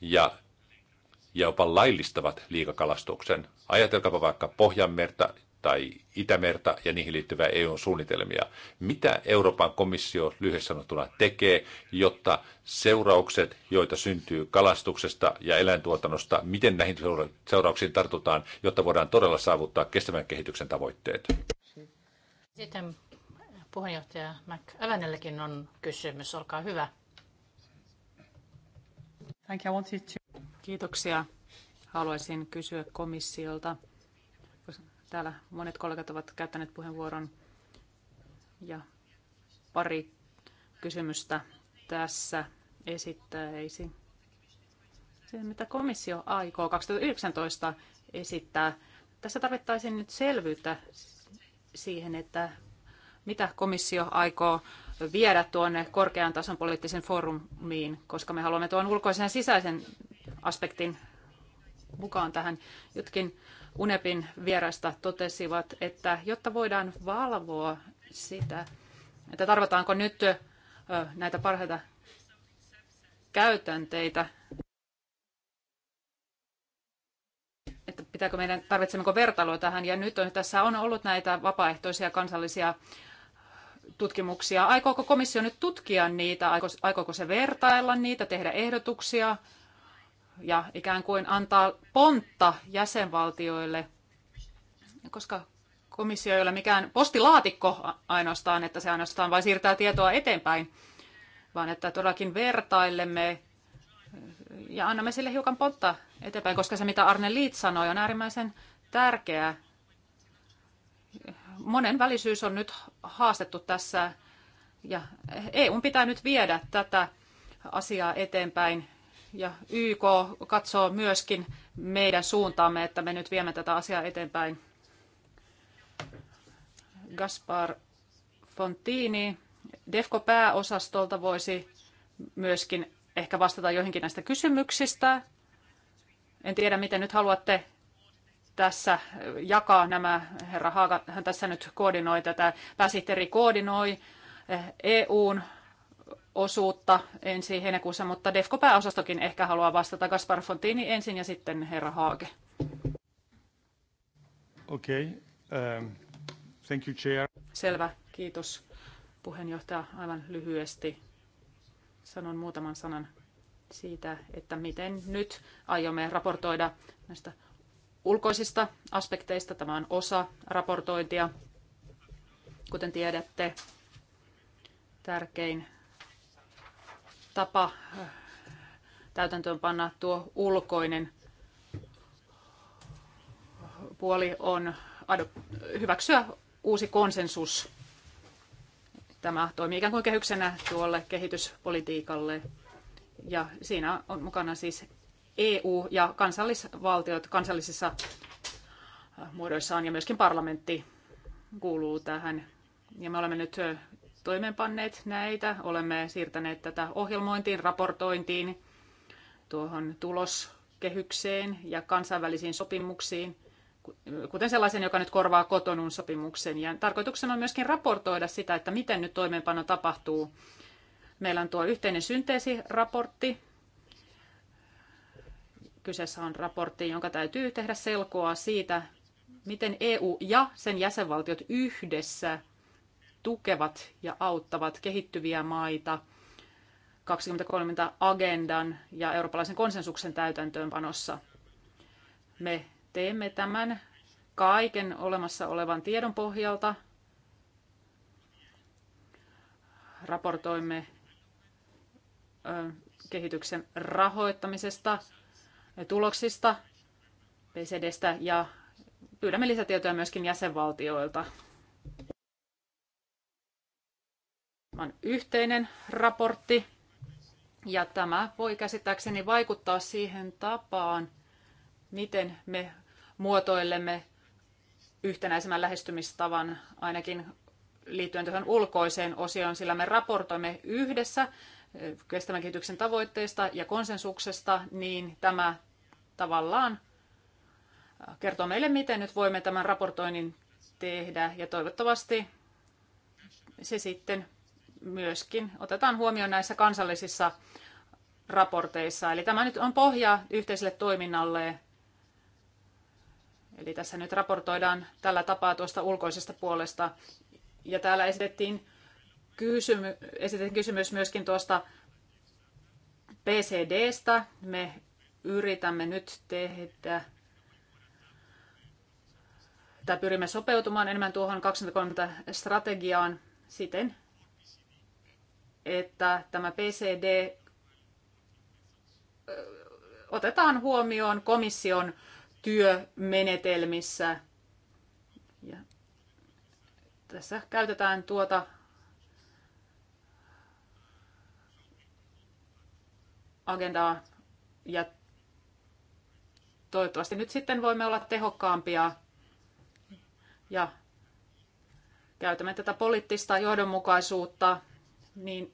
ja ja jopa laillistavat liikakalastuksen. Ajatelkaapa vaikka Pohjanmerta tai Itämerta ja niihin liittyvää eu suunnitelmia. Mitä Euroopan komissio lyhyesti sanottuna tekee, jotta seuraukset, joita syntyy kalastuksesta ja eläintuotannosta, miten näihin seurauksiin tartutaan, jotta voidaan todella saavuttaa kestävän kehityksen tavoitteet? Sitten puheenjohtaja McAvanellekin on kysymys. Olkaa hyvä. Thank you. I wanted to... Kiitoksia. Haluaisin kysyä komissiolta, täällä monet kollegat ovat käyttäneet puheenvuoron ja pari kysymystä tässä esittäisi. Se, mitä komissio aikoo 2019 esittää, tässä tarvittaisiin nyt selvyyttä siihen, että mitä komissio aikoo viedä tuonne korkean tason poliittisen foorumiin, koska me haluamme tuon ulkoisen ja sisäisen aspektin mukaan tähän. Jotkin UNEPin vierasta totesivat, että jotta voidaan valvoa sitä, että tarvitaanko nyt näitä parhaita käytänteitä, että pitääkö meidän, tarvitsemmeko vertailua tähän. Ja nyt on, tässä on ollut näitä vapaaehtoisia kansallisia tutkimuksia. Aikooko komissio nyt tutkia niitä? Aikooko se vertailla niitä, tehdä ehdotuksia ja ikään kuin antaa pontta jäsenvaltioille? Koska komissio ei ole mikään postilaatikko ainoastaan, että se ainoastaan vain siirtää tietoa eteenpäin, vaan että todellakin vertailemme ja annamme sille hiukan pontta eteenpäin, koska se mitä Arne Liit sanoi on äärimmäisen tärkeää monenvälisyys on nyt haastettu tässä ja EU pitää nyt viedä tätä asiaa eteenpäin ja YK katsoo myöskin meidän suuntaamme, että me nyt viemme tätä asiaa eteenpäin. Gaspar Fontini DEFCO-pääosastolta voisi myöskin ehkä vastata joihinkin näistä kysymyksistä. En tiedä, miten nyt haluatte tässä jakaa nämä, herra Haaga, hän tässä nyt koordinoi tätä, pääsihteeri koordinoi eh, EUn osuutta ensi heinäkuussa, mutta Defko pääosastokin ehkä haluaa vastata Gaspar Fontini ensin ja sitten herra Haage. Okei, okay. um, thank you chair. Selvä, kiitos puheenjohtaja. Aivan lyhyesti sanon muutaman sanan siitä, että miten nyt aiomme raportoida näistä ulkoisista aspekteista. Tämä on osa raportointia. Kuten tiedätte, tärkein tapa äh, täytäntöönpanna tuo ulkoinen puoli on hyväksyä uusi konsensus. Tämä toimii ikään kuin kehyksenä tuolle kehityspolitiikalle. Ja siinä on mukana siis EU ja kansallisvaltiot kansallisissa äh, muodoissaan ja myöskin parlamentti kuuluu tähän. Ja me olemme nyt äh, toimeenpanneet näitä, olemme siirtäneet tätä ohjelmointiin, raportointiin, tuohon tuloskehykseen ja kansainvälisiin sopimuksiin, kuten sellaisen, joka nyt korvaa kotonun sopimuksen. Ja tarkoituksena on myöskin raportoida sitä, että miten nyt toimeenpano tapahtuu. Meillä on tuo yhteinen synteesiraportti, Kyseessä on raportti, jonka täytyy tehdä selkoa siitä, miten EU ja sen jäsenvaltiot yhdessä tukevat ja auttavat kehittyviä maita 2030 agendan ja eurooppalaisen konsensuksen täytäntöönpanossa. Me teemme tämän kaiken olemassa olevan tiedon pohjalta. Raportoimme kehityksen rahoittamisesta tuloksista PCDstä ja pyydämme lisätietoja myöskin jäsenvaltioilta. on yhteinen raportti ja tämä voi käsittääkseni vaikuttaa siihen tapaan, miten me muotoilemme yhtenäisemmän lähestymistavan ainakin liittyen tuohon ulkoiseen osioon, sillä me raportoimme yhdessä kestävän kehityksen tavoitteista ja konsensuksesta, niin tämä tavallaan kertoo meille, miten nyt voimme tämän raportoinnin tehdä ja toivottavasti se sitten myöskin otetaan huomioon näissä kansallisissa raporteissa. Eli tämä nyt on pohja yhteiselle toiminnalle. Eli tässä nyt raportoidaan tällä tapaa tuosta ulkoisesta puolesta. Ja täällä esitettiin kysymy, esitin kysymys myöskin tuosta PCDstä. Me yritämme nyt tehdä tai pyrimme sopeutumaan enemmän tuohon 2030 strategiaan siten, että tämä PCD otetaan huomioon komission työmenetelmissä. Ja tässä käytetään tuota agendaa ja toivottavasti nyt sitten voimme olla tehokkaampia ja käytämme tätä poliittista johdonmukaisuutta, niin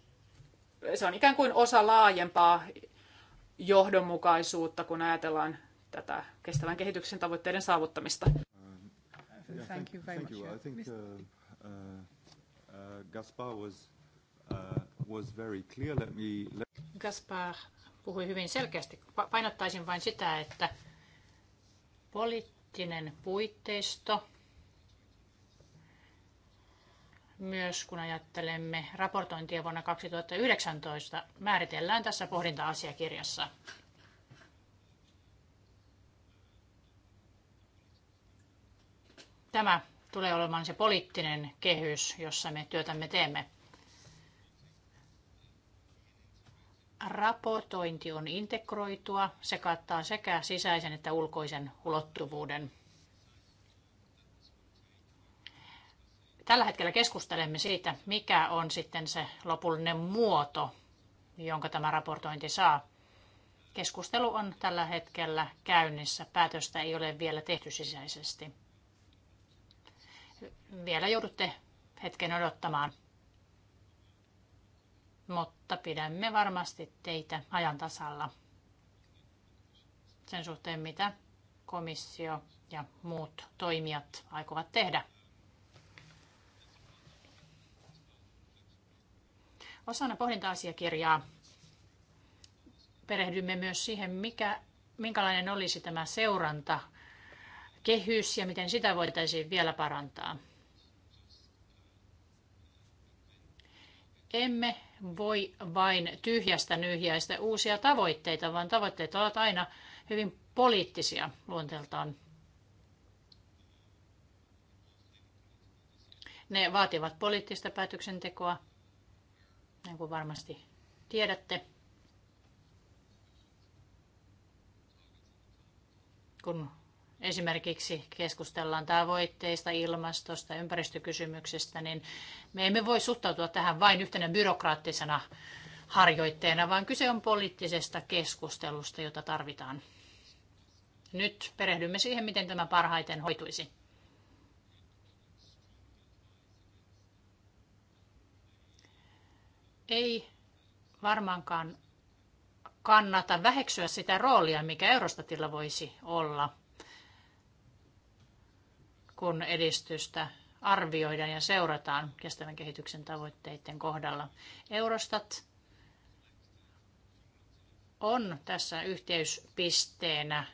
se on ikään kuin osa laajempaa johdonmukaisuutta, kun ajatellaan tätä kestävän kehityksen tavoitteiden saavuttamista. Thank you very much. Think, uh, uh, uh, Gaspar was, uh, was very clear. Let me... Gaspar puhui hyvin selkeästi. Painottaisin vain sitä, että poliittinen puitteisto, myös kun ajattelemme raportointia vuonna 2019, määritellään tässä pohdinta-asiakirjassa. Tämä tulee olemaan se poliittinen kehys, jossa me työtämme teemme. raportointi on integroitua. Se kattaa sekä sisäisen että ulkoisen ulottuvuuden. Tällä hetkellä keskustelemme siitä, mikä on sitten se lopullinen muoto, jonka tämä raportointi saa. Keskustelu on tällä hetkellä käynnissä. Päätöstä ei ole vielä tehty sisäisesti. Vielä joudutte hetken odottamaan mutta pidämme varmasti teitä ajan tasalla sen suhteen, mitä komissio ja muut toimijat aikovat tehdä. Osana pohdinta-asiakirjaa perehdymme myös siihen, mikä, minkälainen olisi tämä seuranta kehys ja miten sitä voitaisiin vielä parantaa. Emme voi vain tyhjästä nyhjäistä uusia tavoitteita, vaan tavoitteet ovat aina hyvin poliittisia luonteeltaan. Ne vaativat poliittista päätöksentekoa, niin kuin varmasti tiedätte. Kun esimerkiksi keskustellaan tavoitteista, ilmastosta, ympäristökysymyksistä, niin me emme voi suhtautua tähän vain yhtenä byrokraattisena harjoitteena, vaan kyse on poliittisesta keskustelusta, jota tarvitaan. Nyt perehdymme siihen, miten tämä parhaiten hoituisi. Ei varmaankaan kannata väheksyä sitä roolia, mikä Eurostatilla voisi olla – kun edistystä arvioidaan ja seurataan kestävän kehityksen tavoitteiden kohdalla. Eurostat on tässä yhteyspisteenä,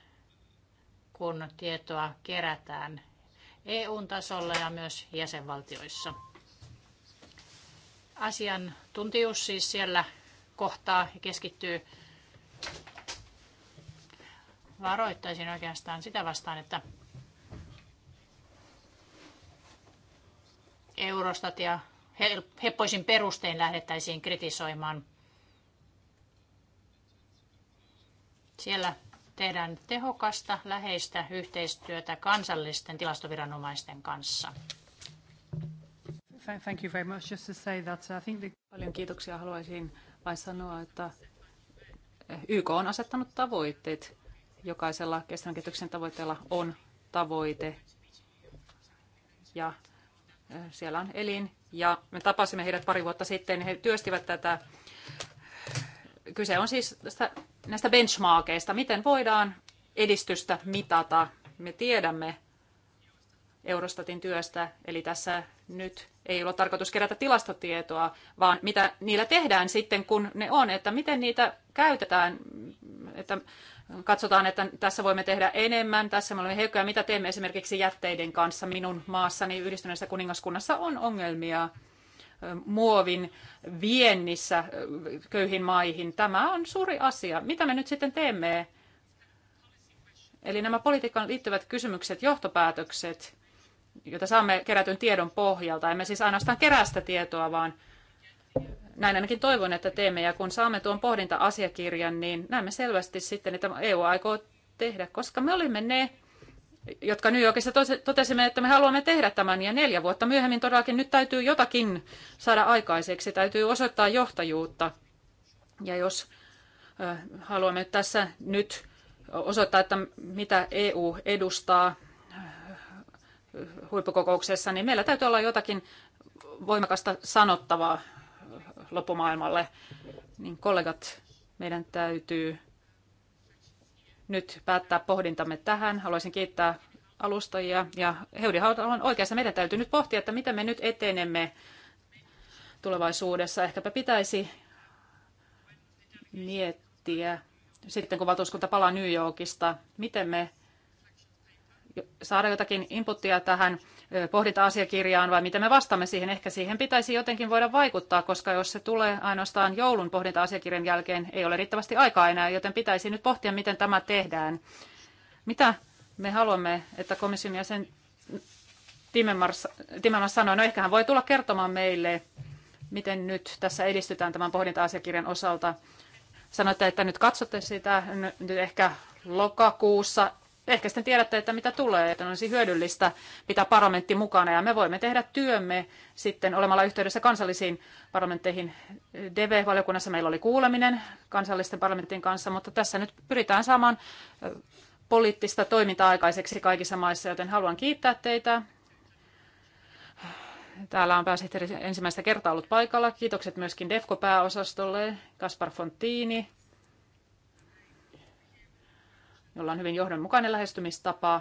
kun tietoa kerätään EU-tasolla ja myös jäsenvaltioissa. Asiantuntijuus siis siellä kohtaa ja keskittyy varoittaisin oikeastaan sitä vastaan, että Eurostat ja heppoisin perustein lähdettäisiin kritisoimaan. Siellä tehdään tehokasta, läheistä yhteistyötä kansallisten tilastoviranomaisten kanssa. Thank you very much. Just to say that uh, I think the... Paljon kiitoksia. Haluaisin vain sanoa, että YK on asettanut tavoitteet. Jokaisella kestävän kehityksen tavoitteella on tavoite. Ja siellä on elin. Ja me tapasimme heidät pari vuotta sitten, he työstivät tätä. Kyse on siis tästä, näistä benchmarkeista, miten voidaan edistystä mitata. Me tiedämme, Eurostatin työstä. Eli tässä nyt ei ole tarkoitus kerätä tilastotietoa, vaan mitä niillä tehdään sitten, kun ne on, että miten niitä käytetään, että katsotaan, että tässä voimme tehdä enemmän, tässä me olemme heikkoja, mitä teemme esimerkiksi jätteiden kanssa minun maassani yhdistyneessä kuningaskunnassa on ongelmia muovin viennissä köyhin maihin. Tämä on suuri asia. Mitä me nyt sitten teemme? Eli nämä politiikkaan liittyvät kysymykset, johtopäätökset, jota saamme kerätyn tiedon pohjalta. Emme siis ainoastaan kerää sitä tietoa, vaan näin ainakin toivon, että teemme. Ja kun saamme tuon pohdinta-asiakirjan, niin näemme selvästi sitten, että EU aikoo tehdä, koska me olimme ne, jotka New Yorkissa totesimme, että me haluamme tehdä tämän. Ja neljä vuotta myöhemmin todellakin nyt täytyy jotakin saada aikaiseksi, täytyy osoittaa johtajuutta. Ja jos haluamme tässä nyt osoittaa, että mitä EU edustaa, huippukokouksessa, niin meillä täytyy olla jotakin voimakasta sanottavaa loppumaailmalle. Niin kollegat, meidän täytyy nyt päättää pohdintamme tähän. Haluaisin kiittää alustajia ja Heudi Hautala on oikeassa. Meidän täytyy nyt pohtia, että mitä me nyt etenemme tulevaisuudessa. Ehkäpä pitäisi miettiä, sitten kun valtuuskunta palaa New Yorkista, miten me saada jotakin inputtia tähän pohdinta-asiakirjaan vai miten me vastaamme siihen. Ehkä siihen pitäisi jotenkin voida vaikuttaa, koska jos se tulee ainoastaan joulun pohdinta-asiakirjan jälkeen, ei ole riittävästi aikaa enää, joten pitäisi nyt pohtia, miten tämä tehdään. Mitä me haluamme, että komission jäsen Timmermans, Timmermans sanoi, no ehkä hän voi tulla kertomaan meille, miten nyt tässä edistytään tämän pohdinta-asiakirjan osalta. Sanoitte, että nyt katsotte sitä nyt ehkä lokakuussa Ehkä sitten tiedätte, että mitä tulee, että olisi hyödyllistä pitää parlamentti mukana ja me voimme tehdä työmme sitten olemalla yhteydessä kansallisiin parlamentteihin. DV-valiokunnassa meillä oli kuuleminen kansallisten parlamenttien kanssa, mutta tässä nyt pyritään saamaan poliittista toimintaa aikaiseksi kaikissa maissa, joten haluan kiittää teitä. Täällä on pääsihteeri ensimmäistä kertaa ollut paikalla. Kiitokset myöskin DEFCO-pääosastolle, Kaspar Fontini, jolla on hyvin johdonmukainen lähestymistapa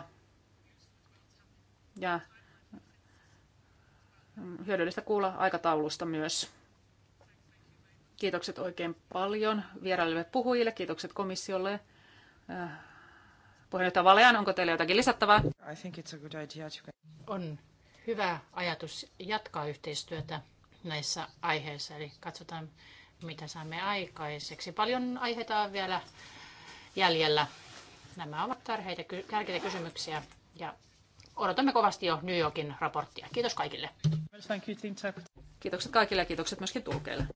ja hyödyllistä kuulla aikataulusta myös. Kiitokset oikein paljon vieraille puhujille, kiitokset komissiolle. Äh, puheenjohtaja Valean, onko teillä jotakin lisättävää? I think it's a good idea to... On hyvä ajatus jatkaa yhteistyötä näissä aiheissa, eli katsotaan mitä saamme aikaiseksi. Paljon aiheita on vielä jäljellä Nämä ovat tärkeitä, tärkeitä kysymyksiä ja odotamme kovasti jo New Yorkin raporttia. Kiitos kaikille. Kiitokset kaikille ja kiitokset myöskin tulkeille.